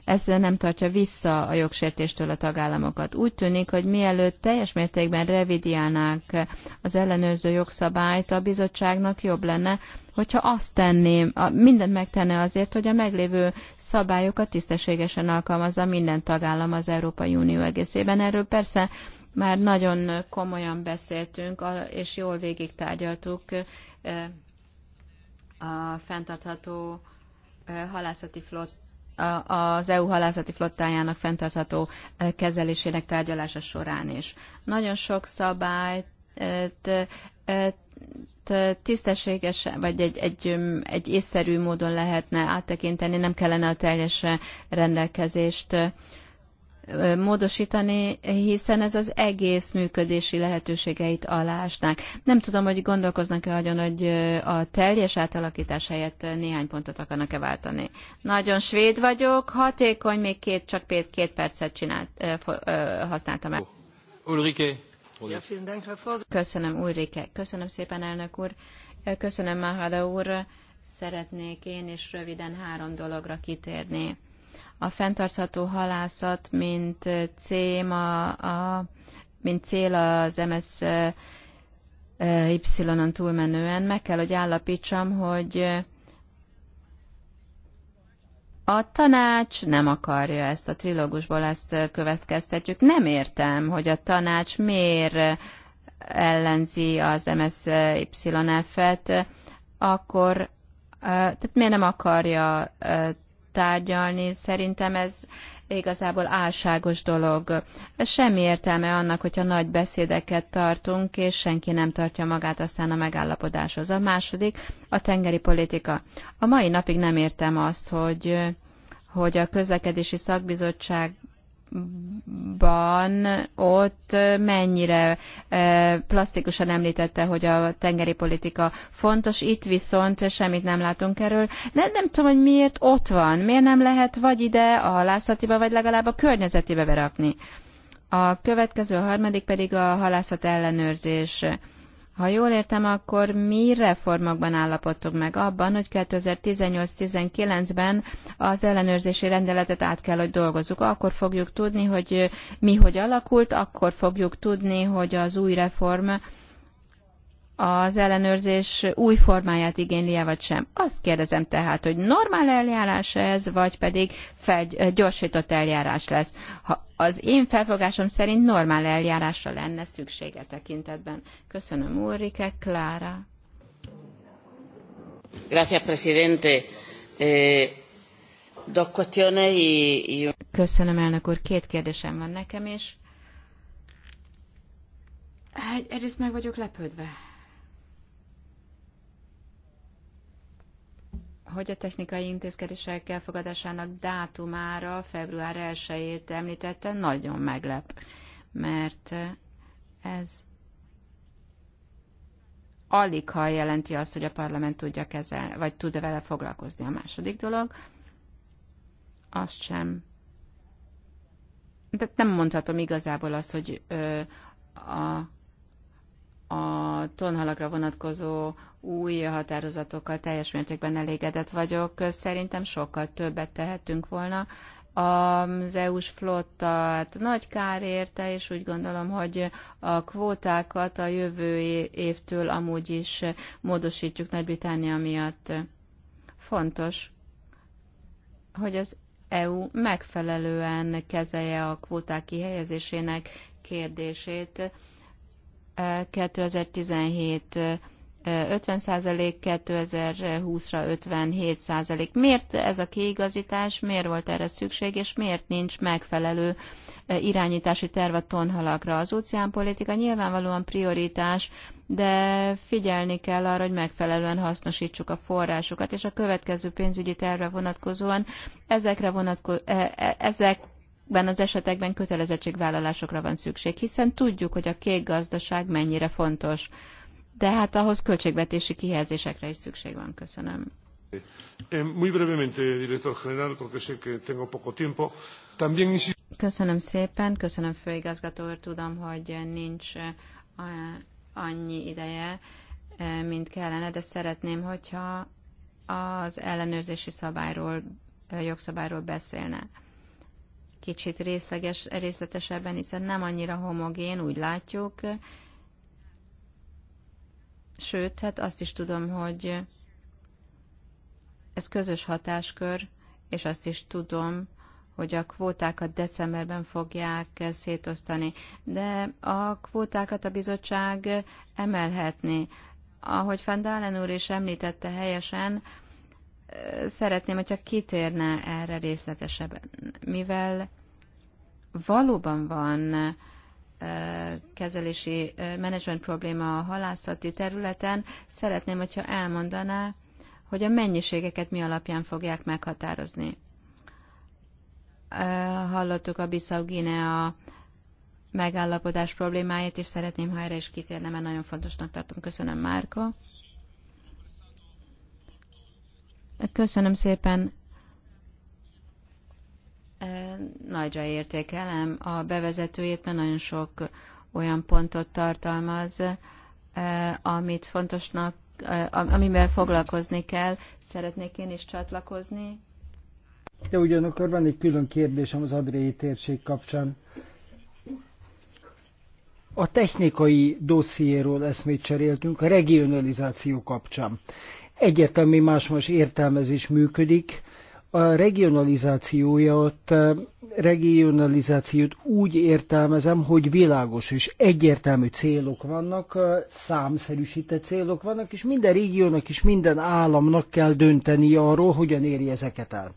Ez nem tartja vissza a jogsértéstől a tagállamokat. Úgy tűnik, hogy mielőtt teljes mértékben revidiálnák az ellenőrző jogszabályt, a bizottságnak jobb lenne, hogyha azt tenném, mindent megtenne azért, hogy a meglévő szabályokat tisztességesen alkalmazza minden tagállam az Európai Unió egészében. Erről persze már nagyon komolyan beszéltünk, és jól végig tárgyaltuk a fenntartható halászati flott az EU halászati flottájának fenntartható kezelésének tárgyalása során is. Nagyon sok szabályt tisztességes, vagy egy, egy, um, egy észszerű módon lehetne áttekinteni, nem kellene a teljes rendelkezést uh, módosítani, hiszen ez az egész működési lehetőségeit alásnák. Nem tudom, hogy gondolkoznak-e nagyon, hogy uh, a teljes átalakítás helyett néhány pontot akarnak-e váltani. Nagyon svéd vagyok, hatékony, még két, csak két percet csinált, uh, használtam el. Ulrike, Köszönöm, Ulrike. Köszönöm szépen, elnök úr. Köszönöm, Mahada úr. Szeretnék én is röviden három dologra kitérni. A fenntartható halászat, mint cím, a, a, mint cél az MS eh, Y-on túlmenően, meg kell, hogy állapítsam, hogy a tanács nem akarja ezt a trilógusból, ezt következtetjük. Nem értem, hogy a tanács miért ellenzi az mszyf et akkor tehát miért nem akarja tárgyalni. Szerintem ez igazából álságos dolog. Semmi értelme annak, hogyha nagy beszédeket tartunk, és senki nem tartja magát aztán a megállapodáshoz. A második, a tengeri politika. A mai napig nem értem azt, hogy hogy a közlekedési szakbizottság Ban ott mennyire e, plastikusan említette, hogy a tengeri politika fontos, itt viszont semmit nem látunk erről. Nem, nem tudom, hogy miért ott van, miért nem lehet vagy ide a halászatiba, vagy legalább a környezetibe berakni. A következő, a harmadik pedig a halászat ellenőrzés. Ha jól értem, akkor mi reformokban állapodtunk meg abban, hogy 2018-19-ben az ellenőrzési rendeletet át kell, hogy dolgozzuk. Akkor fogjuk tudni, hogy mi hogy alakult, akkor fogjuk tudni, hogy az új reform az ellenőrzés új formáját igényli-e vagy sem. Azt kérdezem tehát, hogy normál eljárás ez, vagy pedig fel, eh, gyorsított eljárás lesz. Ha az én felfogásom szerint normál eljárásra lenne szüksége tekintetben. Köszönöm, Ulrike, Klára. Gracias, presidente. Eh, Köszönöm, elnök úr. Két kérdésem van nekem is. Egyrészt meg vagyok lepődve hogy a technikai intézkedések elfogadásának dátumára, február 1-ét említette, nagyon meglep, mert ez alig ha jelenti azt, hogy a parlament tudja kezelni, vagy tud-e vele foglalkozni. A második dolog, azt sem. De nem mondhatom igazából azt, hogy ö, a, a tonhalakra vonatkozó új határozatokkal teljes mértékben elégedett vagyok. Szerintem sokkal többet tehetünk volna. Az EU-s hát nagy kár érte, és úgy gondolom, hogy a kvótákat a jövő évtől amúgy is módosítjuk Nagy-Británia miatt. Fontos, hogy az EU megfelelően kezelje a kvóták kihelyezésének kérdését. 2017 50 százalék, 2020-ra 57 százalék. Miért ez a kiigazítás, miért volt erre szükség, és miért nincs megfelelő e, irányítási terv a tonhalakra? Az óceánpolitika nyilvánvalóan prioritás, de figyelni kell arra, hogy megfelelően hasznosítsuk a forrásokat, és a következő pénzügyi tervre vonatkozóan ezekre vonatko- e, e, ezek ben az esetekben kötelezettségvállalásokra van szükség, hiszen tudjuk, hogy a kék gazdaság mennyire fontos de hát ahhoz költségvetési kihelyezésekre is szükség van. Köszönöm. Eh, muy brevemente, director general, porque sé que tengo poco tiempo. También Köszönöm szépen, köszönöm főigazgató úr, tudom, hogy nincs eh, annyi ideje, eh, mint kellene, de szeretném, hogyha az ellenőrzési szabályról, jogszabályról beszélne. Kicsit részleges, részletesebben, hiszen nem annyira homogén, úgy látjuk, Sőt, hát azt is tudom, hogy ez közös hatáskör, és azt is tudom, hogy a kvótákat decemberben fogják szétosztani. De a kvótákat a bizottság emelhetni. Ahogy Van úr is említette helyesen, szeretném, hogyha kitérne erre részletesebben, mivel valóban van kezelési menedzsment probléma a halászati területen, szeretném, hogyha elmondaná, hogy a mennyiségeket mi alapján fogják meghatározni. Hallottuk a bissau a megállapodás problémáit, és szeretném, ha erre is kitérne, mert nagyon fontosnak tartom. Köszönöm, Márka. Köszönöm szépen nagyra értékelem a bevezetőjét, mert nagyon sok olyan pontot tartalmaz, amit fontosnak, amivel foglalkozni kell. Szeretnék én is csatlakozni. De ugyanakkor van egy külön kérdésem az Adréi térség kapcsán. A technikai dossziéról eszmét cseréltünk a regionalizáció kapcsán. Egyetemi más-más értelmezés működik, a regionalizációját, eh, regionalizációt úgy értelmezem, hogy világos és egyértelmű célok vannak, eh, számszerűsített célok vannak, és minden régiónak és minden államnak kell dönteni arról, hogyan éri ezeket el.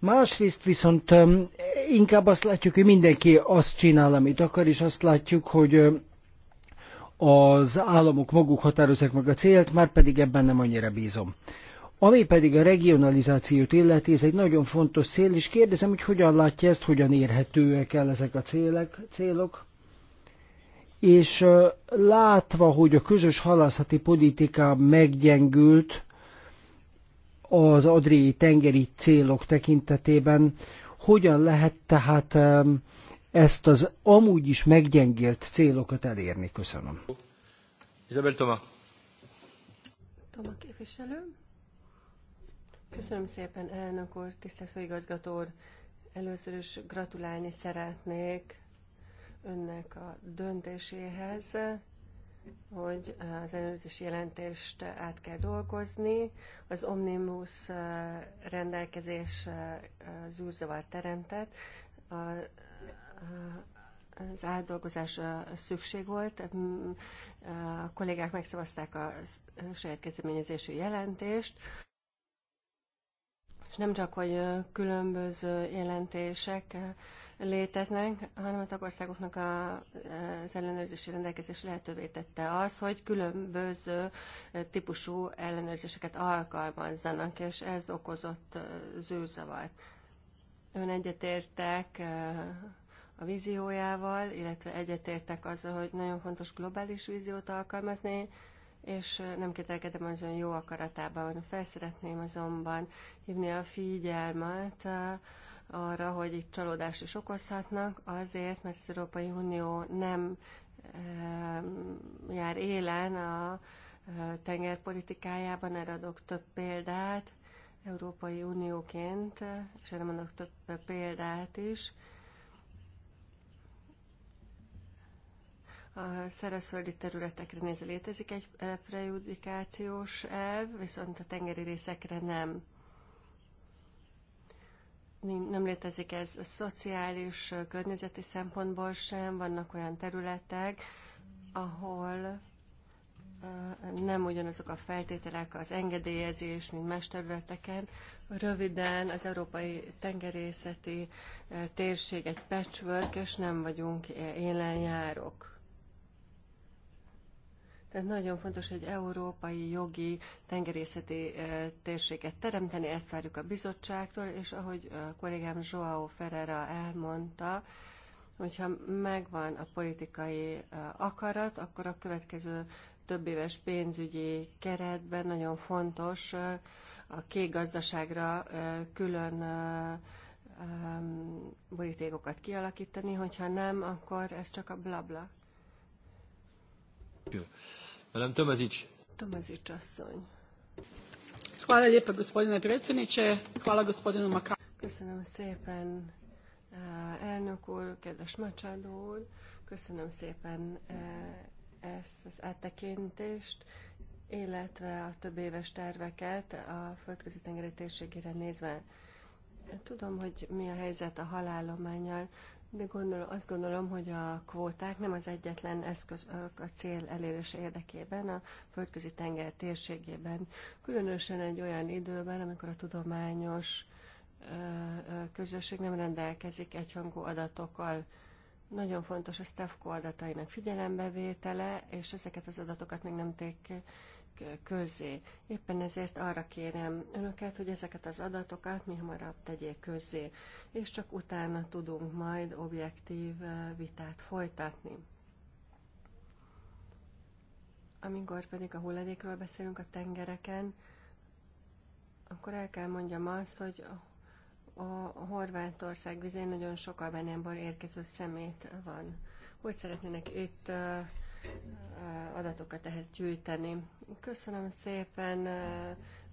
Másrészt viszont eh, inkább azt látjuk, hogy mindenki azt csinál, amit akar, és azt látjuk, hogy az államok maguk határozzák meg a célt, már pedig ebben nem annyira bízom. Ami pedig a regionalizációt illeti, ez egy nagyon fontos cél, és kérdezem, hogy hogyan látja ezt, hogyan érhetőek el ezek a célek, célok. És látva, hogy a közös halászati politika meggyengült az adriai tengeri célok tekintetében, hogyan lehet tehát ezt az amúgy is meggyengélt célokat elérni? Köszönöm. Isabel Toma. Toma képviselő. Köszönöm szépen, elnök úr, tisztelt főigazgató úr. Először is gratulálni szeretnék önnek a döntéséhez, hogy az előzős jelentést át kell dolgozni. Az Omnibus eh, rendelkezés eh, zúrzavar teremtett. A, a, eh, az átdolgozás szükség volt. A kollégák megszavazták a saját kezdeményezésű jelentést. És nem csak, hogy különböző jelentések léteznek, hanem a tagországoknak a, az ellenőrzési rendelkezés lehetővé tette az, hogy különböző típusú ellenőrzéseket alkalmazzanak, és ez okozott zűrzavart. Ön egyetértek a víziójával, illetve egyetértek azzal, hogy nagyon fontos globális víziót alkalmazni, és nem kételkedem azon jó akaratában. Felszeretném azonban hívni a figyelmet arra, hogy itt csalódást is okozhatnak, azért, mert az Európai Unió nem jár élen a tengerpolitikájában, erre adok több példát, Európai Unióként, és erre mondok több példát is, a szárazföldi területekre nézve létezik egy eh, prejudikációs elv, viszont a tengeri részekre nem. Nem létezik ez a szociális, eh, környezeti szempontból sem. Vannak olyan területek, ahol eh, nem ugyanazok a feltételek az engedélyezés, mint más területeken. Röviden az európai tengerészeti térség egy patchwork, és nem vagyunk élenjárok. Tehát nagyon fontos egy európai jogi tengerészeti térséget teremteni, ezt várjuk a bizottságtól, és ahogy a kollégám Joao Ferreira elmondta, hogyha megvan a politikai akarat, akkor a következő több éves pénzügyi keretben nagyon fontos a kék gazdaságra külön borítékokat kialakítani, hogyha nem, akkor ez csak a blabla asszony. Hvala lijepa gospodine predsjedniče, hvala gospodinu Makaru. Köszönöm szépen eh, elnök úr, kedves Macsádó úr, köszönöm szépen eh, ezt az áttekintést, illetve a több éves terveket a földközi tengeri térségére nézve. Tudom, hogy mi a helyzet a halállományjal. De gondol, azt gondolom, hogy a kvóták nem az egyetlen eszköz a cél elérése érdekében a földközi tenger térségében, különösen egy olyan időben, amikor a tudományos közösség nem rendelkezik egyhangú adatokkal. Nagyon fontos a STEFCO adatainak figyelembevétele, és ezeket az adatokat még nem tették közé, Éppen ezért arra kérem önöket, hogy ezeket az adatokat mi hamarabb tegyék közé, és csak utána tudunk majd objektív vitát folytatni. Amikor pedig a hulladékról beszélünk a tengereken, akkor el kell mondjam azt, hogy a Horvátország vizén nagyon sok albániából érkező szemét van. Hogy szeretnének itt adatokat ehhez gyűjteni. Köszönöm szépen,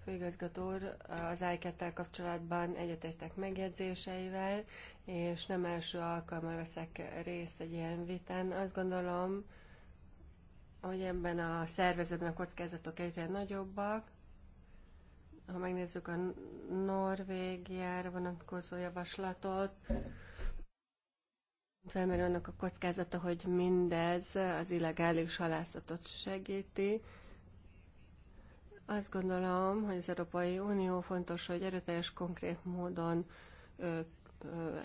főigazgató úr, az ICAT-tel e kapcsolatban egyetértek megjegyzéseivel, és nem első alkalommal veszek részt egy ilyen vitán. Azt gondolom, hogy ebben a szervezetben a kockázatok egyre nagyobbak. Ha megnézzük a Norvégiára vonatkozó javaslatot, Felmerül annak a kockázata, hogy mindez az illegális halászatot segíti. Azt gondolom, hogy az Európai Unió fontos, hogy erőteljes, konkrét módon ö,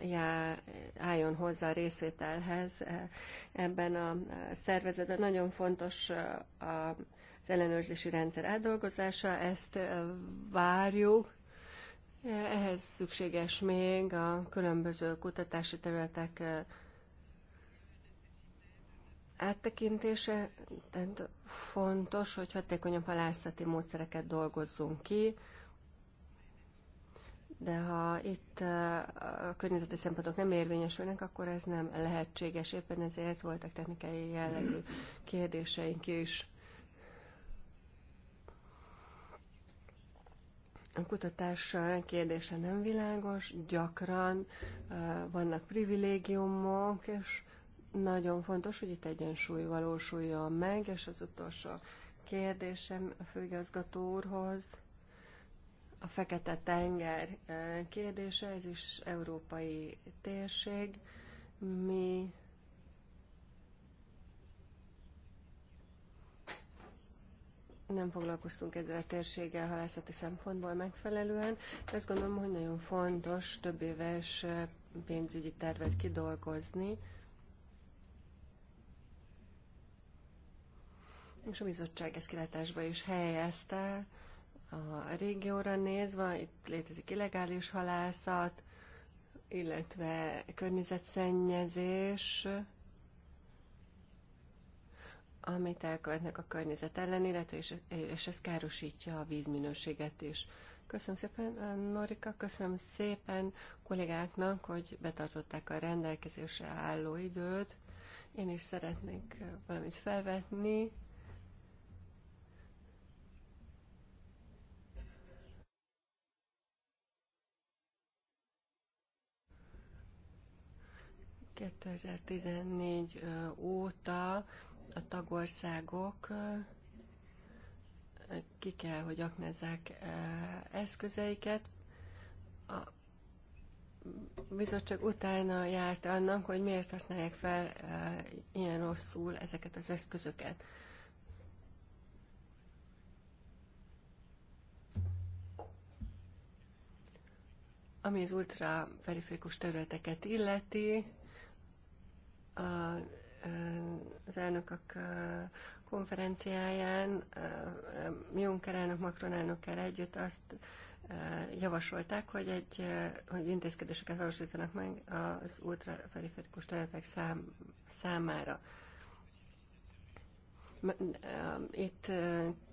já, álljon hozzá részvételhez e, ebben a szervezetben. Nagyon fontos az ellenőrzési rendszer átdolgozása, ezt várjuk. E, ehhez szükséges még a különböző kutatási területek áttekintése, tehát fontos, hogy hatékonyabb halászati módszereket dolgozzunk ki, de ha itt a környezeti szempontok nem érvényesülnek, akkor ez nem lehetséges. Éppen ezért voltak technikai jellegű kérdéseink is. A kutatás kérdése nem világos, gyakran vannak privilégiumok, és nagyon fontos, hogy itt egyensúly valósuljon meg, és az utolsó kérdésem a főgazgató úrhoz. A Fekete-tenger eh, kérdése, ez is európai térség. Mi nem foglalkoztunk ezzel a térséggel halászati szempontból megfelelően, de azt gondolom, hogy nagyon fontos több éves eh, pénzügyi tervet kidolgozni, és a bizottság ezt kilátásba is helyezte. A régióra nézve itt létezik illegális halászat, illetve környezetszennyezés, amit elkövetnek a környezet ellen, illetve és, és ez károsítja a vízminőséget is. Köszönöm szépen, Norika, köszönöm szépen kollégáknak, hogy betartották a rendelkezésre álló időt. Én is szeretnék valamit felvetni. 2014 óta a tagországok ki kell, hogy aknezzák eszközeiket. A bizottság utána járt annak, hogy miért használják fel ilyen rosszul ezeket az eszközöket. Ami az ultraperiférikus területeket illeti, a, az elnökök konferenciáján Juncker elnök, Macron elnökkel együtt azt javasolták, hogy, egy, hogy intézkedéseket valósítanak meg az ultraperiferikus területek szám, számára. Itt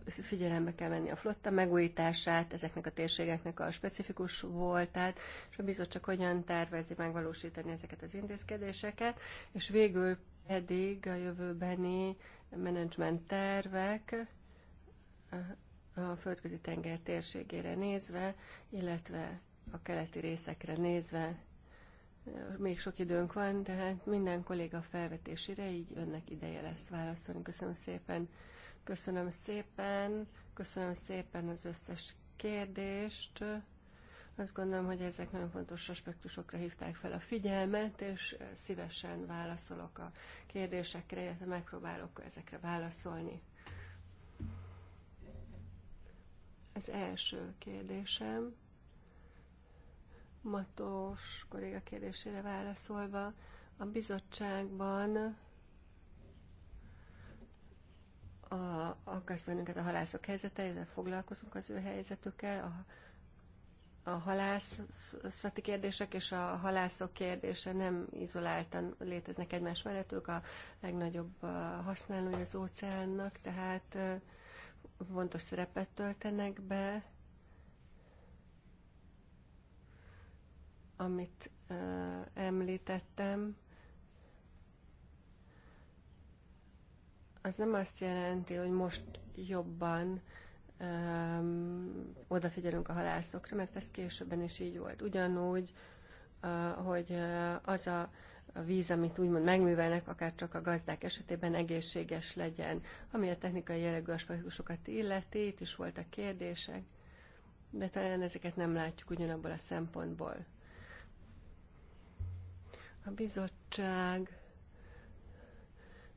figyelembe kell venni a flotta megújítását, ezeknek a térségeknek a specifikus voltát, és a bizottság hogyan tervezi megvalósítani ezeket az intézkedéseket, és végül pedig a jövőbeni menedzsment tervek a földközi tenger térségére nézve, illetve a keleti részekre nézve még sok időnk van, tehát minden kolléga felvetésére így önnek ideje lesz válaszolni. Köszönöm szépen. Köszönöm szépen. Köszönöm szépen az összes kérdést. Azt gondolom, hogy ezek nagyon fontos aspektusokra hívták fel a figyelmet, és szívesen válaszolok a kérdésekre, illetve megpróbálok ezekre válaszolni. Az első kérdésem matos kolléga kérdésére válaszolva, a bizottságban a, aggaszt bennünket a halászok helyzete, de foglalkozunk az ő helyzetükkel, a, a halászati kérdések és a halászok kérdése nem izoláltan léteznek egymás mellett, ők a legnagyobb uh, használói az óceánnak, tehát uh, fontos szerepet töltenek be, amit uh, említettem, az nem azt jelenti, hogy most jobban um, odafigyelünk a halászokra, mert ez későbben is így volt. Ugyanúgy, uh, hogy uh, az a víz, amit úgymond megművelnek, akár csak a gazdák esetében egészséges legyen. Ami a technikai jellegű aspektusokat illeti, itt is voltak kérdések, de talán ezeket nem látjuk ugyanabból a szempontból. A bizottság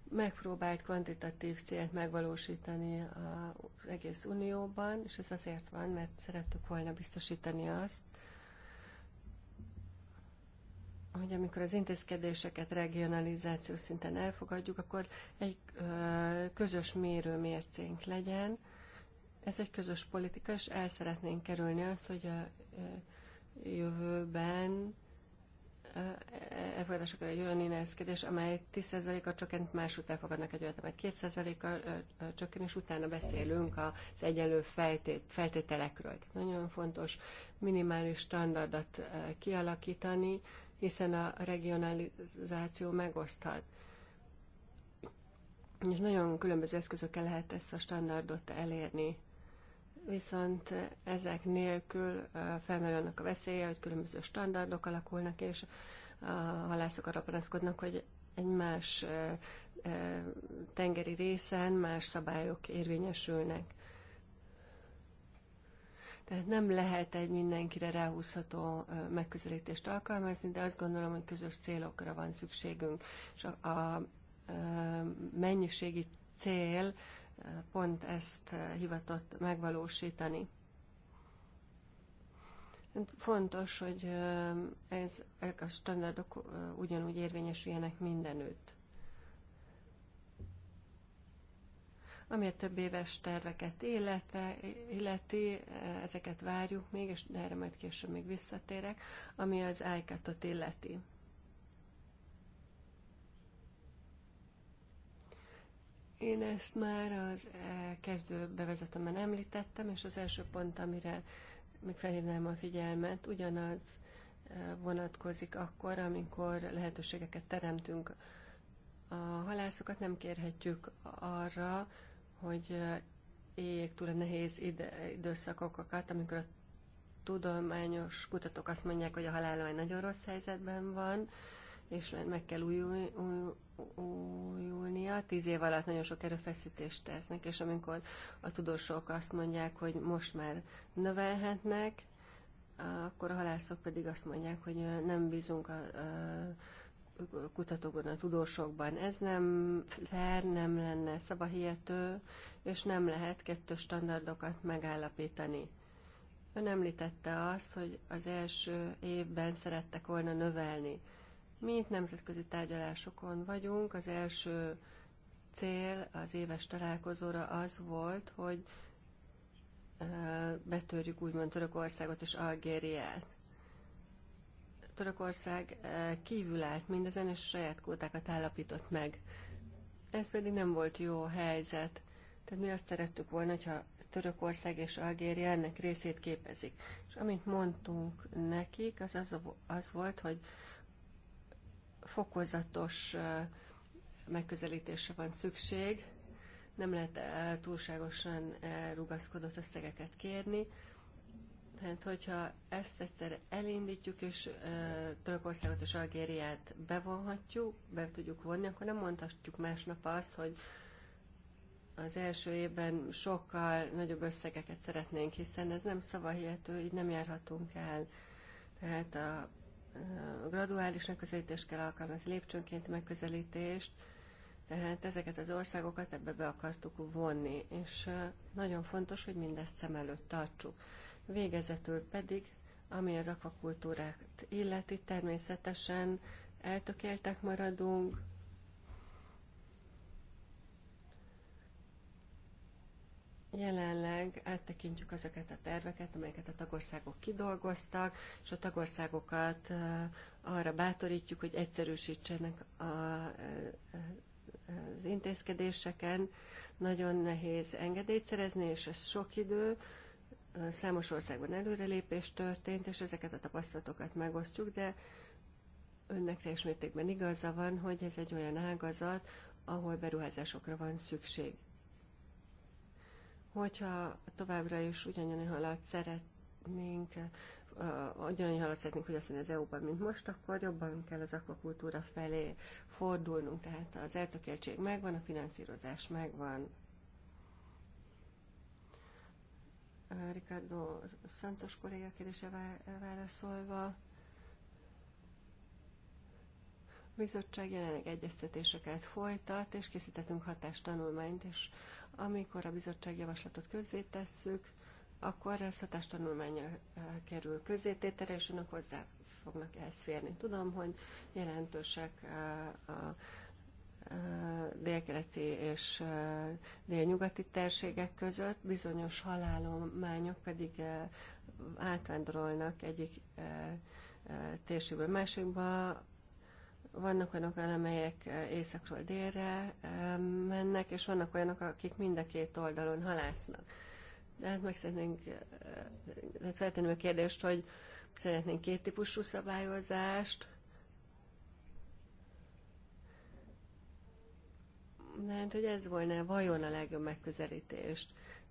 megpróbált kvantitatív célt megvalósítani az egész Unióban, és ez azért van, mert szerettük volna biztosítani azt, hogy amikor az intézkedéseket regionalizáció szinten elfogadjuk, akkor egy közös mérőmércénk legyen. Ez egy közös politika, és el szeretnénk kerülni azt, hogy a jövőben elfogadásokra egy olyan ineszkedés, amely 10%-kal csökkent, más után fogadnak egy olyan, amely 2%-kal csökken, és utána beszélünk az egyenlő feltételekről. Tehát nagyon fontos minimális standardat kialakítani, hiszen a regionalizáció megoszthat. És nagyon különböző eszközökkel lehet ezt a standardot elérni viszont ezek nélkül felmerül annak a veszélye, hogy különböző standardok alakulnak, és a halászok arra panaszkodnak, hogy egy más tengeri részen más szabályok érvényesülnek. Tehát nem lehet egy mindenkire ráhúzható megközelítést alkalmazni, de azt gondolom, hogy közös célokra van szükségünk, és a, a, a mennyiségi cél pont ezt eh, hivatott megvalósítani. Hát fontos, hogy eh, ez, ezek a standardok eh, ugyanúgy érvényesüljenek mindenütt. Ami a több éves terveket élete, illeti, ezeket várjuk még, és erre majd később még visszatérek, ami az iCat-ot illeti. Én ezt már az kezdő bevezetőben említettem, és az első pont, amire még felhívnám a figyelmet, ugyanaz eh, vonatkozik akkor, amikor lehetőségeket teremtünk. A halászokat nem kérhetjük arra, hogy eh, éljék túl a nehéz időszakokat, amikor a tudományos kutatók azt mondják, hogy a halálaj nagyon rossz helyzetben van, és meg kell újul, újulnia, Tíz év alatt nagyon sok erőfeszítést tesznek, és amikor a tudósok azt mondják, hogy most már növelhetnek, akkor a halászok pedig azt mondják, hogy nem bízunk a, a kutatókban, a tudósokban. Ez nem fair, nem lenne szabahihető, és nem lehet kettős standardokat megállapítani. Ön említette azt, hogy az első évben szerettek volna növelni. Mi itt nemzetközi tárgyalásokon vagyunk. Az első cél az éves találkozóra az volt, hogy betörjük úgymond Törökországot és Algériát. Törökország kívül állt mindezen, és saját kótákat állapított meg. Ez pedig nem volt jó helyzet. Tehát mi azt szerettük volna, hogyha Törökország és Algéria ennek részét képezik. És amit mondtunk nekik, az az, az volt, hogy fokozatos megközelítésre van szükség. Nem lehet túlságosan rugaszkodott összegeket kérni. Tehát, hogyha ezt egyszer elindítjuk, és Törökországot és Algériát bevonhatjuk, be tudjuk vonni, akkor nem mondhatjuk másnap azt, hogy az első évben sokkal nagyobb összegeket szeretnénk, hiszen ez nem szavahihető, így nem járhatunk el. Tehát a graduális megközelítést kell alkalmazni, lépcsőnként megközelítést, tehát ezeket az országokat ebbe be akartuk vonni, és nagyon fontos, hogy mindezt szem előtt tartsuk. Végezetül pedig, ami az akvakultúrát illeti, természetesen eltökéltek maradunk, Jelenleg áttekintjük azokat a terveket, amelyeket a tagországok kidolgoztak, és a tagországokat arra bátorítjuk, hogy egyszerűsítsenek a, az intézkedéseken. Nagyon nehéz engedélyt szerezni, és ez sok idő. Számos országban előrelépés történt, és ezeket a tapasztalatokat megosztjuk, de önnek teljes mértékben igaza van, hogy ez egy olyan ágazat, ahol beruházásokra van szükség. Hogyha továbbra is ugyanannyi halat szeretnénk, ugyanannyi halat szeretnénk fogyasztani az EU-ban, mint most, akkor jobban kell az akvakultúra felé fordulnunk. Tehát az eltökéltség megvan, a finanszírozás megvan, Ricardo Santos kolléga kérdése válaszolva. A bizottság jelenleg egyeztetéseket folytat, és készítettünk hatástanulmányt, és amikor a bizottság javaslatot közzétesszük, akkor ez hatástanulmánya eh, kerül közzététere, és önök hozzá fognak ehhez férni. Tudom, hogy jelentősek eh, a eh, délkeleti és délnyugati térségek között, bizonyos halálományok pedig átvándorolnak egyik térségből másikba, vannak olyanok, amelyek eh, északról délre eh, mennek, és vannak olyanok, akik mind a két oldalon halásznak. De hát meg szeretnénk, eh, tehát feltenném a kérdést, hogy szeretnénk két típusú szabályozást, de hát, hogy ez volna vajon a legjobb megközelítést.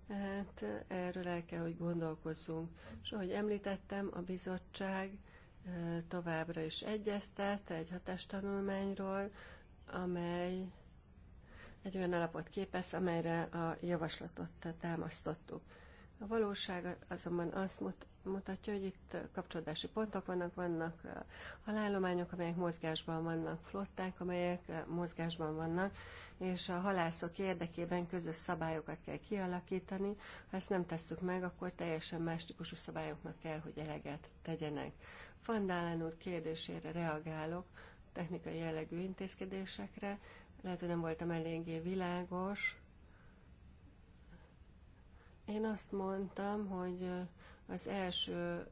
Hát erről el kell, hogy gondolkozzunk. És ahogy említettem, a bizottság továbbra is egyeztet egy hatástanulmányról, amely egy olyan alapot képez, amelyre a javaslatot támasztottuk. A valóság azonban azt mut, mutatja, hogy itt kapcsolódási pontok vannak, vannak halállományok, amelyek mozgásban vannak, flották, amelyek mozgásban vannak, és a halászok érdekében közös szabályokat kell kialakítani. Ha ezt nem tesszük meg, akkor teljesen más típusú szabályoknak kell, hogy eleget tegyenek. Fandálán úr kérdésére reagálok, technikai jellegű intézkedésekre. Lehet, hogy nem voltam eléggé világos. Én azt mondtam, hogy az első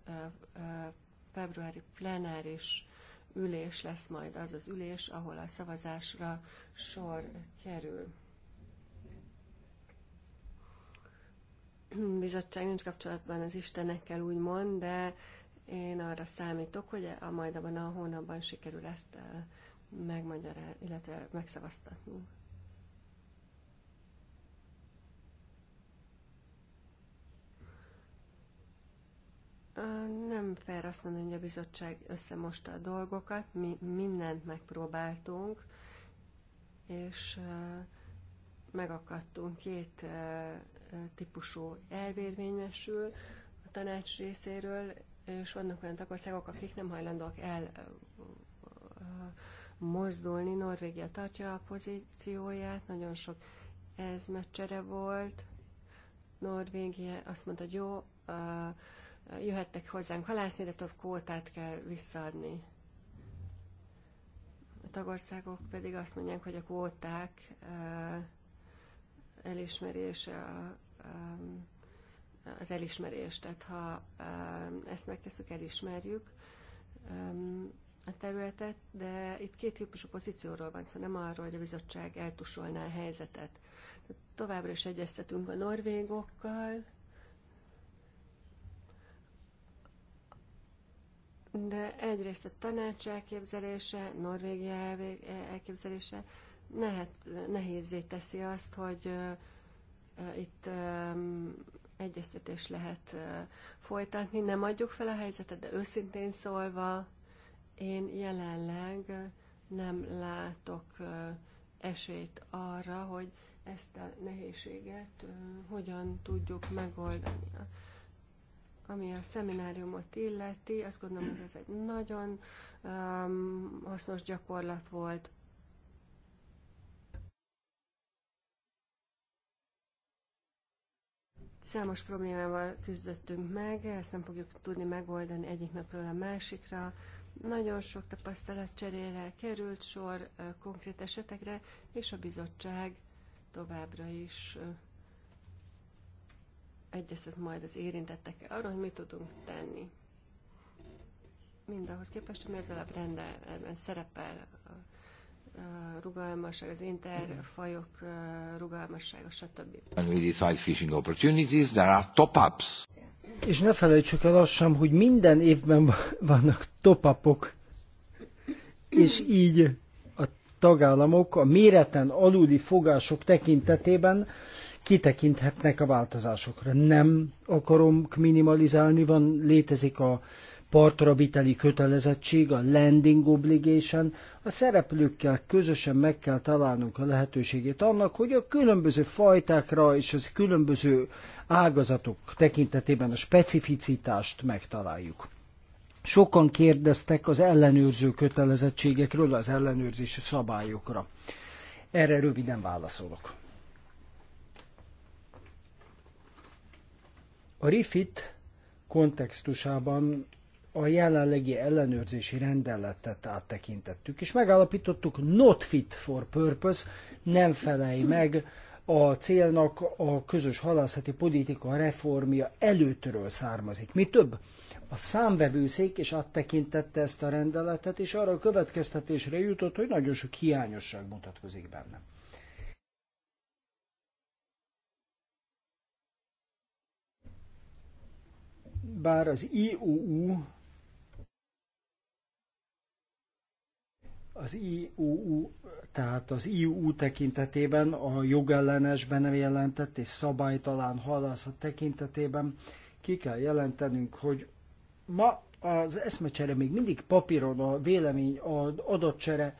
februári plenáris ülés lesz majd az az ülés, ahol a szavazásra sor kerül. Hmm, bizottság nincs kapcsolatban az Istenekkel, úgymond, de én arra számítok, hogy a majd abban a hónapban sikerül ezt megmagyarázni, illetve megszavaztatni. Nem fel azt mondani, hogy a bizottság összemosta a dolgokat, mi mindent megpróbáltunk, és megakadtunk két típusú elvérvényesül a tanács részéről, és vannak olyan tagországok, akik nem hajlandóak el mozdulni. Norvégia tartja a pozícióját, nagyon sok ez meccsere volt. Norvégia azt mondta, hogy jó, jöhettek hozzánk halászni, de több kvótát kell visszaadni. A tagországok pedig azt mondják, hogy a kvóták elismerése az elismerést. Tehát ha ezt megteszünk, elismerjük a területet, de itt két típusú pozícióról van szó, szóval nem arról, hogy a bizottság eltusolná a helyzetet. Tehát továbbra is egyeztetünk a norvégokkal, de egyrészt a tanács elképzelése, Norvégia e, elképzelése nehet, nehézé teszi azt, hogy itt egyeztetés lehet folytatni. Nem adjuk fel a helyzetet, de őszintén szólva én jelenleg nem látok esélyt arra, hogy ezt a nehézséget hogyan tudjuk megoldani. Ami a szemináriumot illeti, azt gondolom, hogy ez egy nagyon um, hasznos gyakorlat volt. Számos problémával küzdöttünk meg, ezt nem fogjuk tudni megoldani egyik napról a másikra. Nagyon sok tapasztalat cserére került sor konkrét esetekre, és a bizottság továbbra is egyeztet majd az érintettekkel arról, hogy mit tudunk tenni. Mindahhoz képest, ami az alaprendelben szerepel a rugalmasság, az interfajok rugalmassága, stb. And we decide fishing opportunities, there are top-ups. És ne felejtsük el azt sem, hogy minden évben vannak topapok, és így a tagállamok a méreten aluli fogások tekintetében kitekinthetnek a változásokra. Nem akarom minimalizálni, van, létezik a partra viteli kötelezettség, a landing obligation, a szereplőkkel közösen meg kell találnunk a lehetőségét annak, hogy a különböző fajtákra és az különböző ágazatok tekintetében a specificitást megtaláljuk. Sokan kérdeztek az ellenőrző kötelezettségekről, az ellenőrzési szabályokra. Erre röviden válaszolok. A RIFIT kontextusában a jelenlegi ellenőrzési rendeletet áttekintettük, és megállapítottuk not fit for purpose, nem felej meg a célnak a közös halászati politika reformja előtről származik. Mi több, a számvevőszék is áttekintette ezt a rendeletet, és arra a következtetésre jutott, hogy nagyon sok hiányosság mutatkozik benne. bár az IOU az IUU, tehát az IUU tekintetében a jogellenes be nem jelentett és szabálytalan halászat tekintetében ki kell jelentenünk, hogy ma az eszmecsere még mindig papíron a vélemény, az adatcsere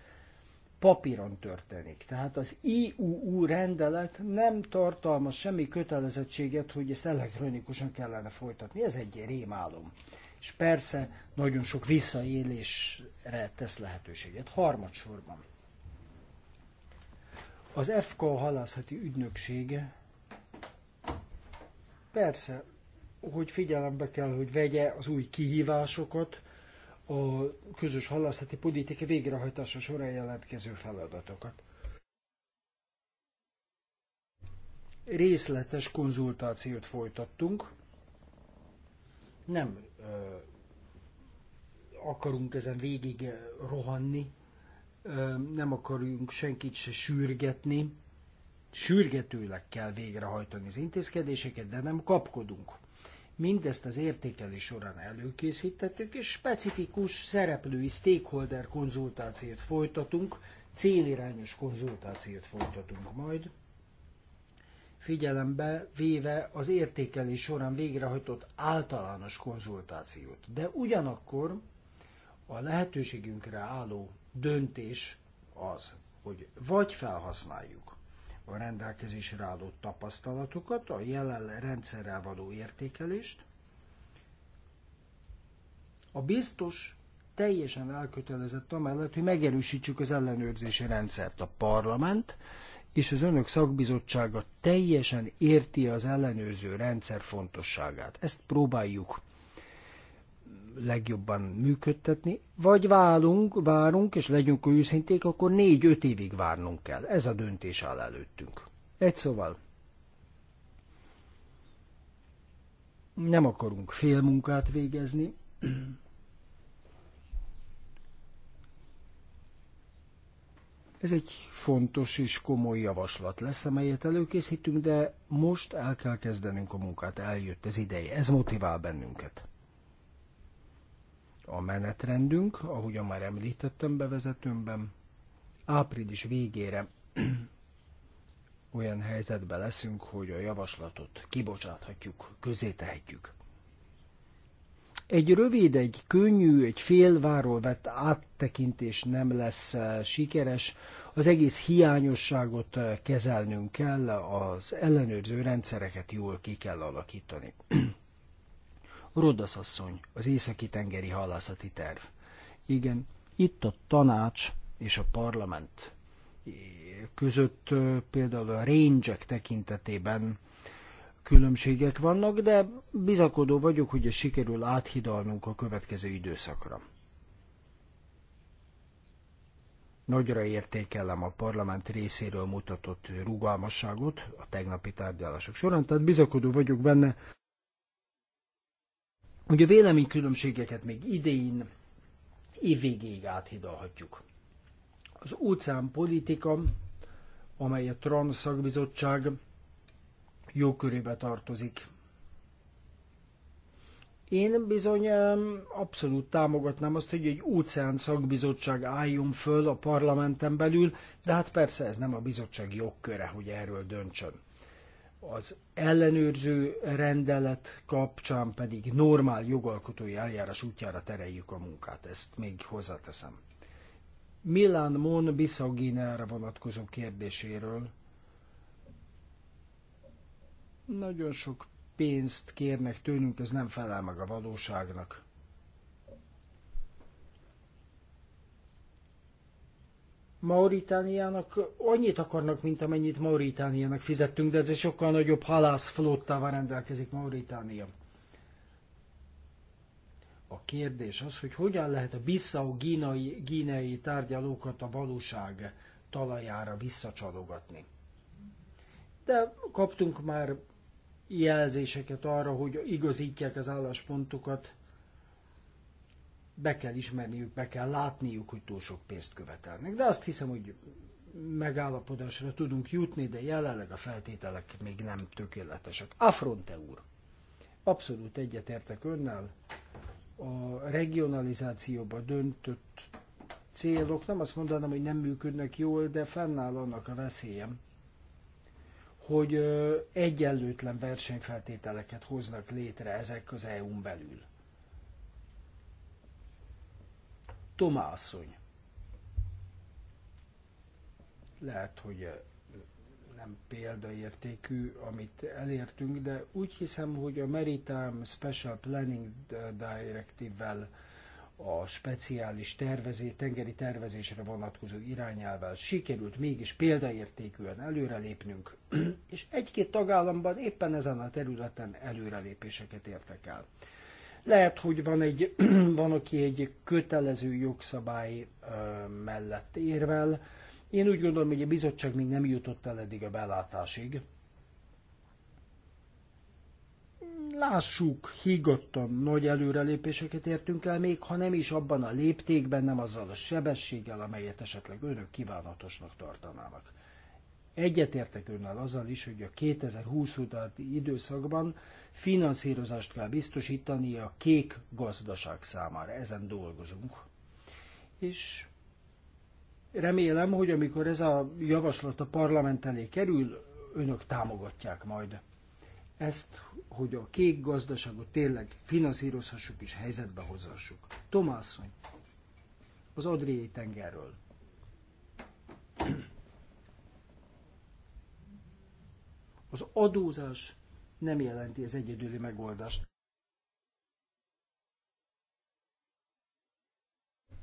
papíron történik. Tehát az IUU rendelet nem tartalmaz semmi kötelezettséget, hogy ezt elektronikusan kellene folytatni. Ez egy rémálom. És persze nagyon sok visszaélésre tesz lehetőséget. Harmadsorban. Az FK halászati ügynöksége persze, hogy figyelembe kell, hogy vegye az új kihívásokat, a közös halászati politika végrehajtása során jelentkező feladatokat. Részletes konzultációt folytattunk. Nem ö, akarunk ezen végig rohanni, ö, nem akarunk senkit se sürgetni. Sürgetőleg kell végrehajtani az intézkedéseket, de nem kapkodunk Mindezt az értékelés során előkészítettük, és specifikus szereplői stakeholder konzultációt folytatunk, célirányos konzultációt folytatunk majd, figyelembe véve az értékelés során végrehajtott általános konzultációt. De ugyanakkor a lehetőségünkre álló döntés az, hogy vagy felhasználjuk a rendelkezésre álló tapasztalatokat, a jelen rendszerrel való értékelést. A biztos teljesen elkötelezett amellett, hogy megerősítsük az ellenőrzési rendszert. A parlament és az önök szakbizottsága teljesen érti az ellenőrző rendszer fontosságát. Ezt próbáljuk legjobban működtetni, vagy válunk, várunk, és legyünk őszinték, akkor négy-öt évig várnunk kell. Ez a döntés áll előttünk. Egy szóval, nem akarunk fél munkát végezni, Ez egy fontos és komoly javaslat lesz, amelyet előkészítünk, de most el kell kezdenünk a munkát, eljött az ideje, ez motivál bennünket a menetrendünk, ahogyan már említettem bevezetőmben, április végére olyan helyzetben leszünk, hogy a javaslatot kibocsáthatjuk, közé tehetjük. Egy rövid, egy könnyű, egy félváról vett áttekintés nem lesz eh, sikeres. Az egész hiányosságot eh, kezelnünk kell, az ellenőrző rendszereket jól ki kell alakítani. Rodasz asszony, az északi tengeri halászati terv. Igen, itt a tanács és a parlament között például a range tekintetében különbségek vannak, de bizakodó vagyok, hogy ez sikerül áthidalnunk a következő időszakra. Nagyra értékelem a parlament részéről mutatott rugalmasságot a tegnapi tárgyalások során, tehát bizakodó vagyok benne, hogy a véleménykülönbségeket még idén évvégéig áthidalhatjuk. Az óceán politika, amely a TRAN szakbizottság körébe tartozik. Én bizony abszolút támogatnám azt, hogy egy óceán szakbizottság álljon föl a parlamenten belül, de hát persze ez nem a bizottság jogköre, hogy erről döntsön az ellenőrző rendelet kapcsán pedig normál jogalkotói eljárás útjára tereljük a munkát. Ezt még hozzáteszem. Milán Mon Bissaginára vonatkozó kérdéséről nagyon sok pénzt kérnek tőlünk, ez nem felel meg a valóságnak. Mauritániának annyit akarnak, mint amennyit Mauritániának fizettünk, de ez egy sokkal nagyobb halászflottával rendelkezik Mauritánia. A kérdés az, hogy hogyan lehet a Bissau gínei tárgyalókat a valóság talajára visszacsalogatni. De kaptunk már jelzéseket arra, hogy igazítják az álláspontokat, be kell ismerniük, be kell látniuk, hogy túl sok pénzt követelnek. De azt hiszem, hogy megállapodásra tudunk jutni, de jelenleg a feltételek még nem tökéletesek. Afronte úr, abszolút egyetértek önnel, a regionalizációba döntött célok, nem azt mondanám, hogy nem működnek jól, de fennáll annak a veszélyem, hogy egyenlőtlen versenyfeltételeket hoznak létre ezek az EU-n belül. Toma asszony. Lehet, hogy eh, nem példaértékű, amit elértünk, de úgy hiszem, hogy a Maritime Special Planning Directive-vel a speciális tervezé, tengeri tervezésre vonatkozó irányelvel sikerült mégis példaértékűen előrelépnünk, és egy-két tagállamban éppen ezen a területen előrelépéseket értek el. Lehet, hogy van, egy, van aki egy kötelező jogszabály mellett érvel. Én úgy gondolom, hogy a bizottság még nem jutott el eddig a belátásig. Lássuk, higgadtan nagy előrelépéseket értünk el, még ha nem is abban a léptékben, nem azzal a sebességgel, amelyet esetleg önök kívánatosnak tartanának. Egyetértek önnel azzal is, hogy a 2020 utáni időszakban finanszírozást kell biztosítani a kék gazdaság számára. Ezen dolgozunk. És remélem, hogy amikor ez a javaslat a parlament elé kerül, önök támogatják majd ezt, hogy a kék gazdaságot tényleg finanszírozhassuk és helyzetbe hozhassuk. Tomászony, az Adriai tengerről. Az adózás nem jelenti az egyedüli megoldást.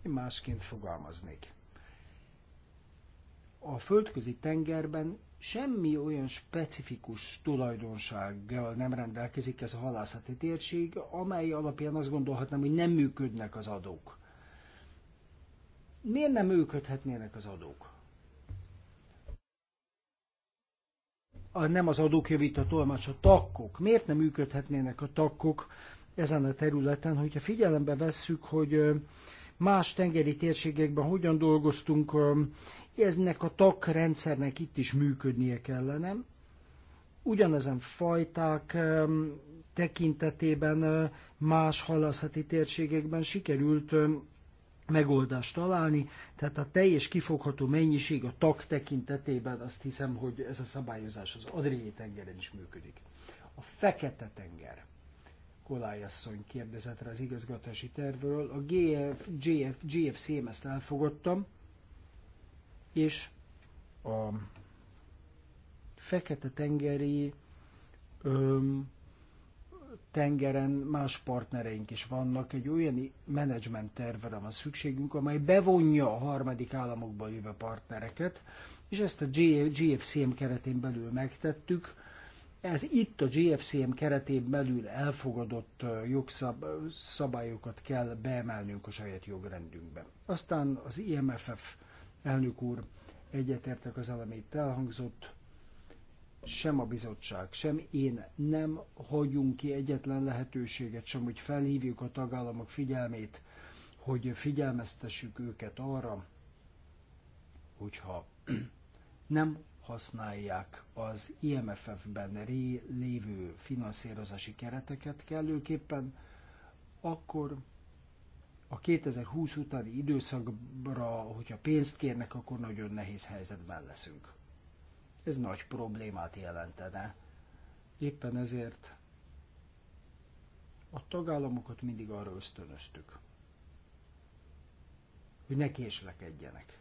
Én másként fogalmaznék. A földközi tengerben semmi olyan specifikus tulajdonsággal nem rendelkezik ez a halászati térség, amely alapján azt gondolhatnám, hogy nem működnek az adók. Miért nem működhetnének az adók? a, nem az adók javít a tolmács, a takkok. Miért nem működhetnének a takkok ezen a területen, hogyha figyelembe vesszük, hogy más tengeri térségekben hogyan dolgoztunk, eznek a tak rendszernek itt is működnie kellene. Ugyanezen fajták tekintetében más halászati térségekben sikerült megoldást találni, tehát a teljes kifogható mennyiség a tag tekintetében azt hiszem, hogy ez a szabályozás az Adriai tengeren is működik. A Fekete tenger. Kolály asszony kérdezett rá az igazgatási tervről. A GF, GF, GFCM ezt elfogadtam, és a Fekete tengeri öm, tengeren más partnereink is vannak, egy olyan menedzsment tervre van szükségünk, amely bevonja a harmadik államokból jövő partnereket, és ezt a GFCM keretén belül megtettük. Ez itt a GFCM keretén belül elfogadott jogszabályokat kell beemelnünk a saját jogrendünkbe. Aztán az IMFF elnök úr egyetértek az, amit elhangzott, sem a bizottság, sem én nem hagyunk ki egyetlen lehetőséget, sem hogy felhívjuk a tagállamok figyelmét, hogy figyelmeztessük őket arra, hogyha nem használják az IMFF-ben ré lévő finanszírozási kereteket kellőképpen, akkor a 2020 utáni időszakra, hogyha pénzt kérnek, akkor nagyon nehéz helyzetben leszünk. Ez nagy problémát jelentene. Éppen ezért a tagállamokat mindig arra ösztönöztük, hogy ne késlekedjenek.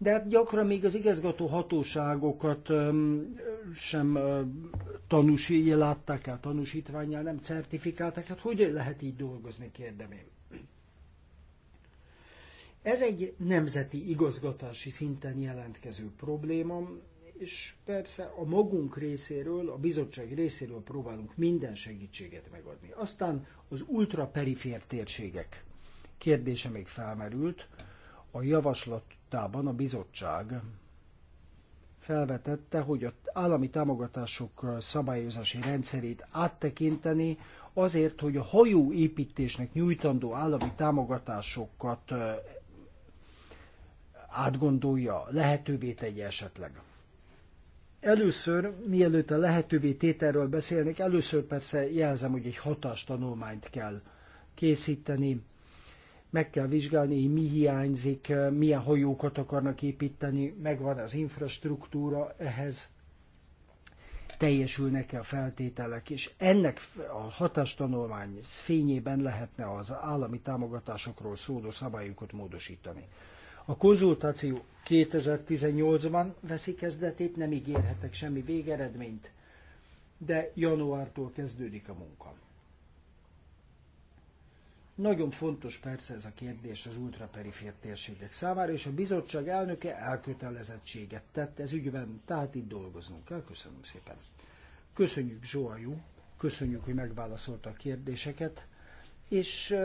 de hát gyakran még az igazgató hatóságokat sem tanúsi, látták el tanúsítványjal, nem certifikálták, hát hogy lehet így dolgozni, kérdem én. Ez egy nemzeti igazgatási szinten jelentkező probléma, és persze a magunk részéről, a bizottság részéről próbálunk minden segítséget megadni. Aztán az ultraperifér térségek kérdése még felmerült. A javaslatában a bizottság felvetette, hogy az állami támogatások szabályozási rendszerét áttekinteni, azért, hogy a hajóépítésnek nyújtandó állami támogatásokat átgondolja, lehetővé tegye esetleg. Először, mielőtt a lehetővé tételről beszélnék, először persze jelzem, hogy egy hatástanulmányt kell készíteni, meg kell vizsgálni, hogy mi hiányzik, milyen hajókat akarnak építeni, megvan az infrastruktúra ehhez, teljesülnek-e a feltételek, és ennek a hatástanulmány fényében lehetne az állami támogatásokról szóló szabályokat módosítani. A konzultáció 2018-ban veszi kezdetét, nem ígérhetek semmi végeredményt, de januártól kezdődik a munka. Nagyon fontos persze ez a kérdés az ultraperifér térségek számára, és a bizottság elnöke elkötelezettséget tett ez ügyben, tehát itt dolgoznunk kell. Köszönöm szépen. Köszönjük, Zsóajú, köszönjük, hogy megválaszolta a kérdéseket és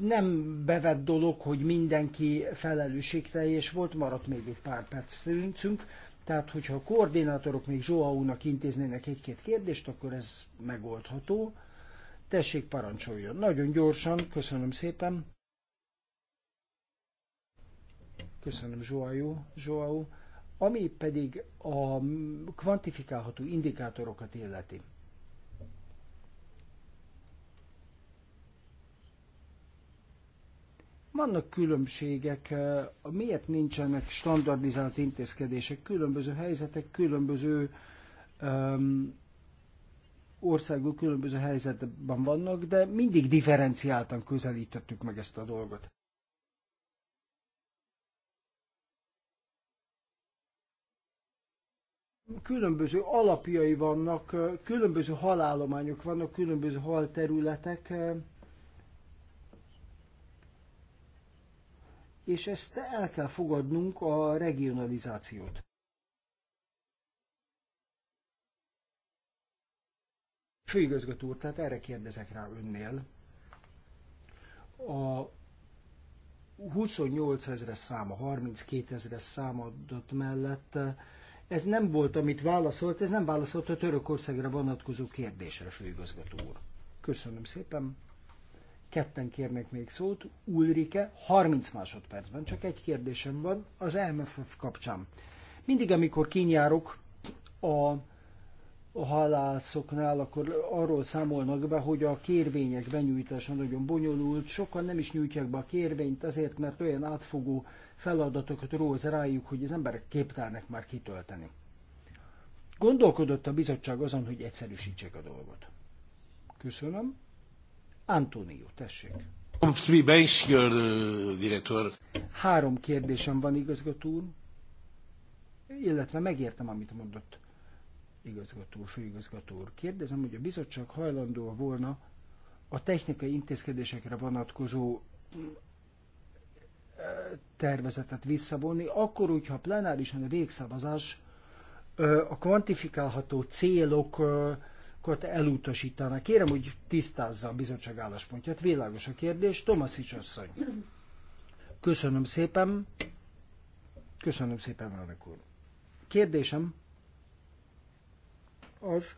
nem bevett dolog, hogy mindenki felelősségteljes volt, maradt még egy pár perc szüncünk, tehát hogyha a koordinátorok még Zsoaúnak intéznének egy-két kérdést, akkor ez megoldható. Tessék, parancsoljon. Nagyon gyorsan, köszönöm szépen. Köszönöm, Zsoaú. Zsoaú. Ami pedig a kvantifikálható indikátorokat illeti Vannak különbségek, eh, miért nincsenek standardizált intézkedések, különböző helyzetek, különböző um, országok különböző helyzetben vannak, de mindig differenciáltan közelítettük meg ezt a dolgot. különböző alapjai vannak, eh, különböző halálományok vannak, különböző halterületek, eh, és ezt el kell fogadnunk a regionalizációt. Főigazgató úr, tehát erre kérdezek rá önnél. A 28 ezeres száma, 32 ezeres számadat mellett ez nem volt, amit válaszolt, ez nem válaszolt a Törökországra vonatkozó kérdésre, főigazgató úr. Köszönöm szépen ketten kérnek még szót. Ulrike, 30 másodpercben, csak egy kérdésem van az MFF kapcsán. Mindig, amikor kinyárok a, a halászoknál, akkor arról számolnak be, hogy a kérvények benyújtása nagyon bonyolult, sokan nem is nyújtják be a kérvényt azért, mert olyan átfogó feladatokat róz rájuk, hogy az emberek képtelnek már kitölteni. Gondolkodott a bizottság azon, hogy egyszerűsítsék a dolgot. Köszönöm. Antonio, tessék. Uh, Három kérdésem van, igazgató úr, illetve megértem, amit mondott igazgató úr, főigazgató úr. Kérdezem, hogy a bizottság hajlandó volna a technikai intézkedésekre vonatkozó mm, e, tervezetet visszavonni, akkor, hogyha plenárisan a végszavazás e, a kvantifikálható célok e, te elutasítanak. Kérem, hogy tisztázza a bizottság álláspontját. Világos a kérdés. is asszony. Köszönöm szépen. Köszönöm szépen, elnök úr. Kérdésem az,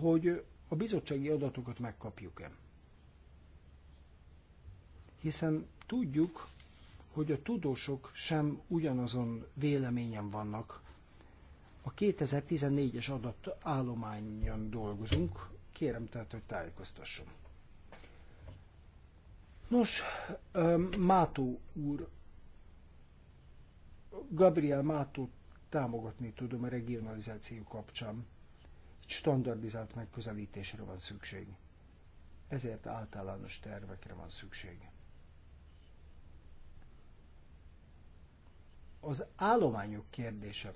hogy a bizottsági adatokat megkapjuk-e. Hiszen tudjuk, hogy a tudósok sem ugyanazon véleményen vannak a 2014-es adatállományon dolgozunk, kérem tehát, hogy tájékoztasson. Nos, Mátó úr, Gabriel Mátó támogatni tudom a regionalizáció kapcsán. Egy standardizált megközelítésre van szükség. Ezért általános tervekre van szükség. Az állományok kérdése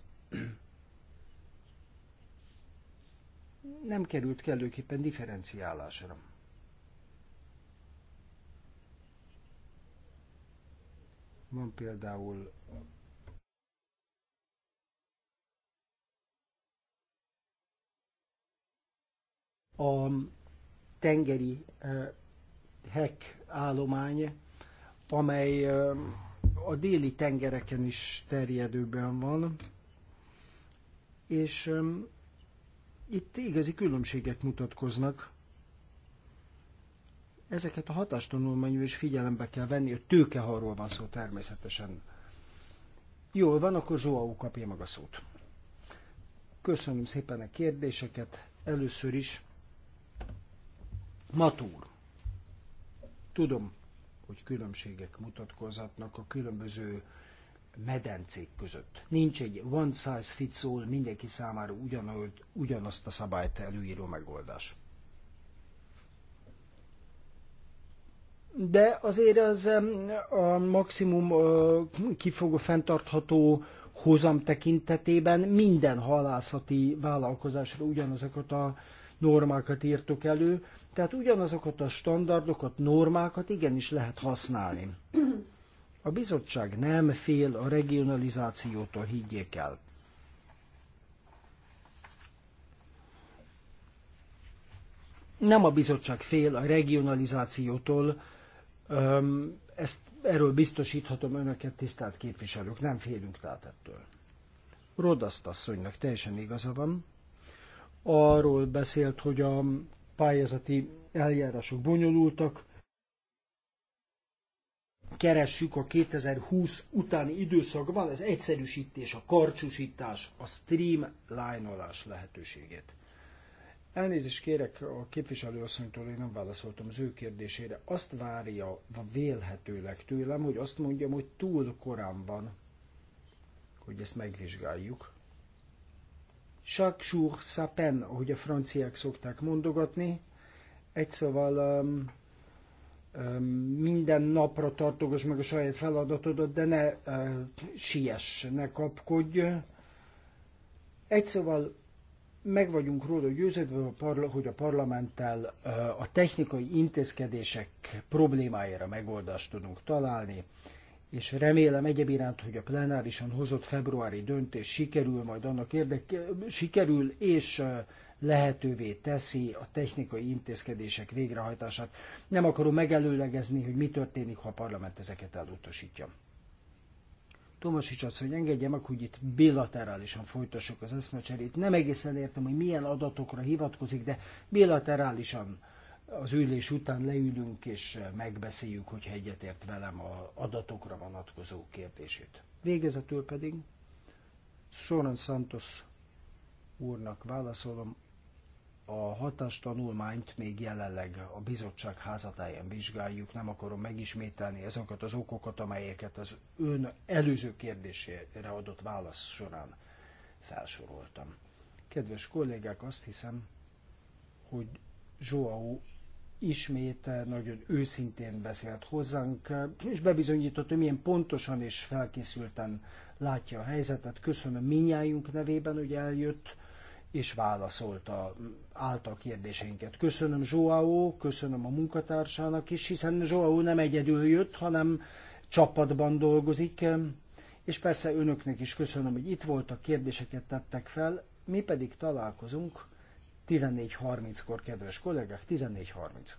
nem került kellőképpen differenciálásra. Van például a tengeri hek állomány, amely a déli tengereken is terjedőben van, és itt igazi különbségek mutatkoznak. Ezeket a hatástanulmányú is figyelembe kell venni, hogy tőkeharról van szó természetesen. Jól van, akkor Zsóau kapja meg a szót. Köszönöm szépen a kérdéseket. Először is Matúr. Tudom, hogy különbségek mutatkozhatnak a különböző medencék között. Nincs egy one size fits all, mindenki számára ugyanolt, ugyanazt a szabályt előíró megoldás. De azért az a maximum kifogó fenntartható hozam tekintetében minden halászati vállalkozásra ugyanazokat a normákat írtok elő, tehát ugyanazokat a standardokat, normákat igenis lehet használni. A bizottság nem fél a regionalizációtól, higgyék el. Nem a bizottság fél a regionalizációtól, ezt erről biztosíthatom önöket, tisztelt képviselők, nem félünk tehát ettől. Rodaszt asszonynak teljesen igaza van. Arról beszélt, hogy a pályázati eljárások bonyolultak, keressük a 2020 utáni időszakban az egyszerűsítés, a karcsúsítás, a streamline-olás lehetőségét. Elnézést kérek a képviselőasszonytól, én nem válaszoltam az ő kérdésére. Azt várja vélhetőleg tőlem, hogy azt mondjam, hogy túl korán van, hogy ezt megvizsgáljuk. Chaque jour sa peine, ahogy a franciák szokták mondogatni, egy szóval um, minden napra tartogos meg a saját feladatodat, de ne siess, ne kapkodj. Egy szóval meg vagyunk róla győződve, hogy a parlamenttel a technikai intézkedések problémáira megoldást tudunk találni, és remélem egyéb iránt, hogy a plenárison hozott februári döntés sikerül, majd annak érdeke, sikerül, és lehetővé teszi a technikai intézkedések végrehajtását. Nem akarom megelőlegezni, hogy mi történik, ha a parlament ezeket elutasítja. is azt, hogy engedje meg, hogy itt bilaterálisan folytassuk az eszmecserét. Nem egészen értem, hogy milyen adatokra hivatkozik, de bilaterálisan az ülés után leülünk és megbeszéljük, hogy egyetért velem a adatokra vonatkozó kérdését. Végezetül pedig Soran Santos úrnak válaszolom, a hatástanulmányt még jelenleg a bizottság házatáján vizsgáljuk, nem akarom megismételni ezeket az okokat, amelyeket az ön előző kérdésére adott válasz során felsoroltam. Kedves kollégák, azt hiszem, hogy Joao ismét eh, nagyon őszintén beszélt hozzánk, eh, és bebizonyított, hogy milyen pontosan és felkészülten látja a helyzetet. Köszönöm minnyájunk nevében, hogy eljött és válaszolta által kérdéseinket. Köszönöm Joao, köszönöm a munkatársának is, hiszen Joao nem egyedül jött, hanem csapatban dolgozik, eh, és persze önöknek is köszönöm, hogy itt voltak, kérdéseket tettek fel, mi pedig találkozunk 14.30-kor, kedves kollégák, 14.30-kor.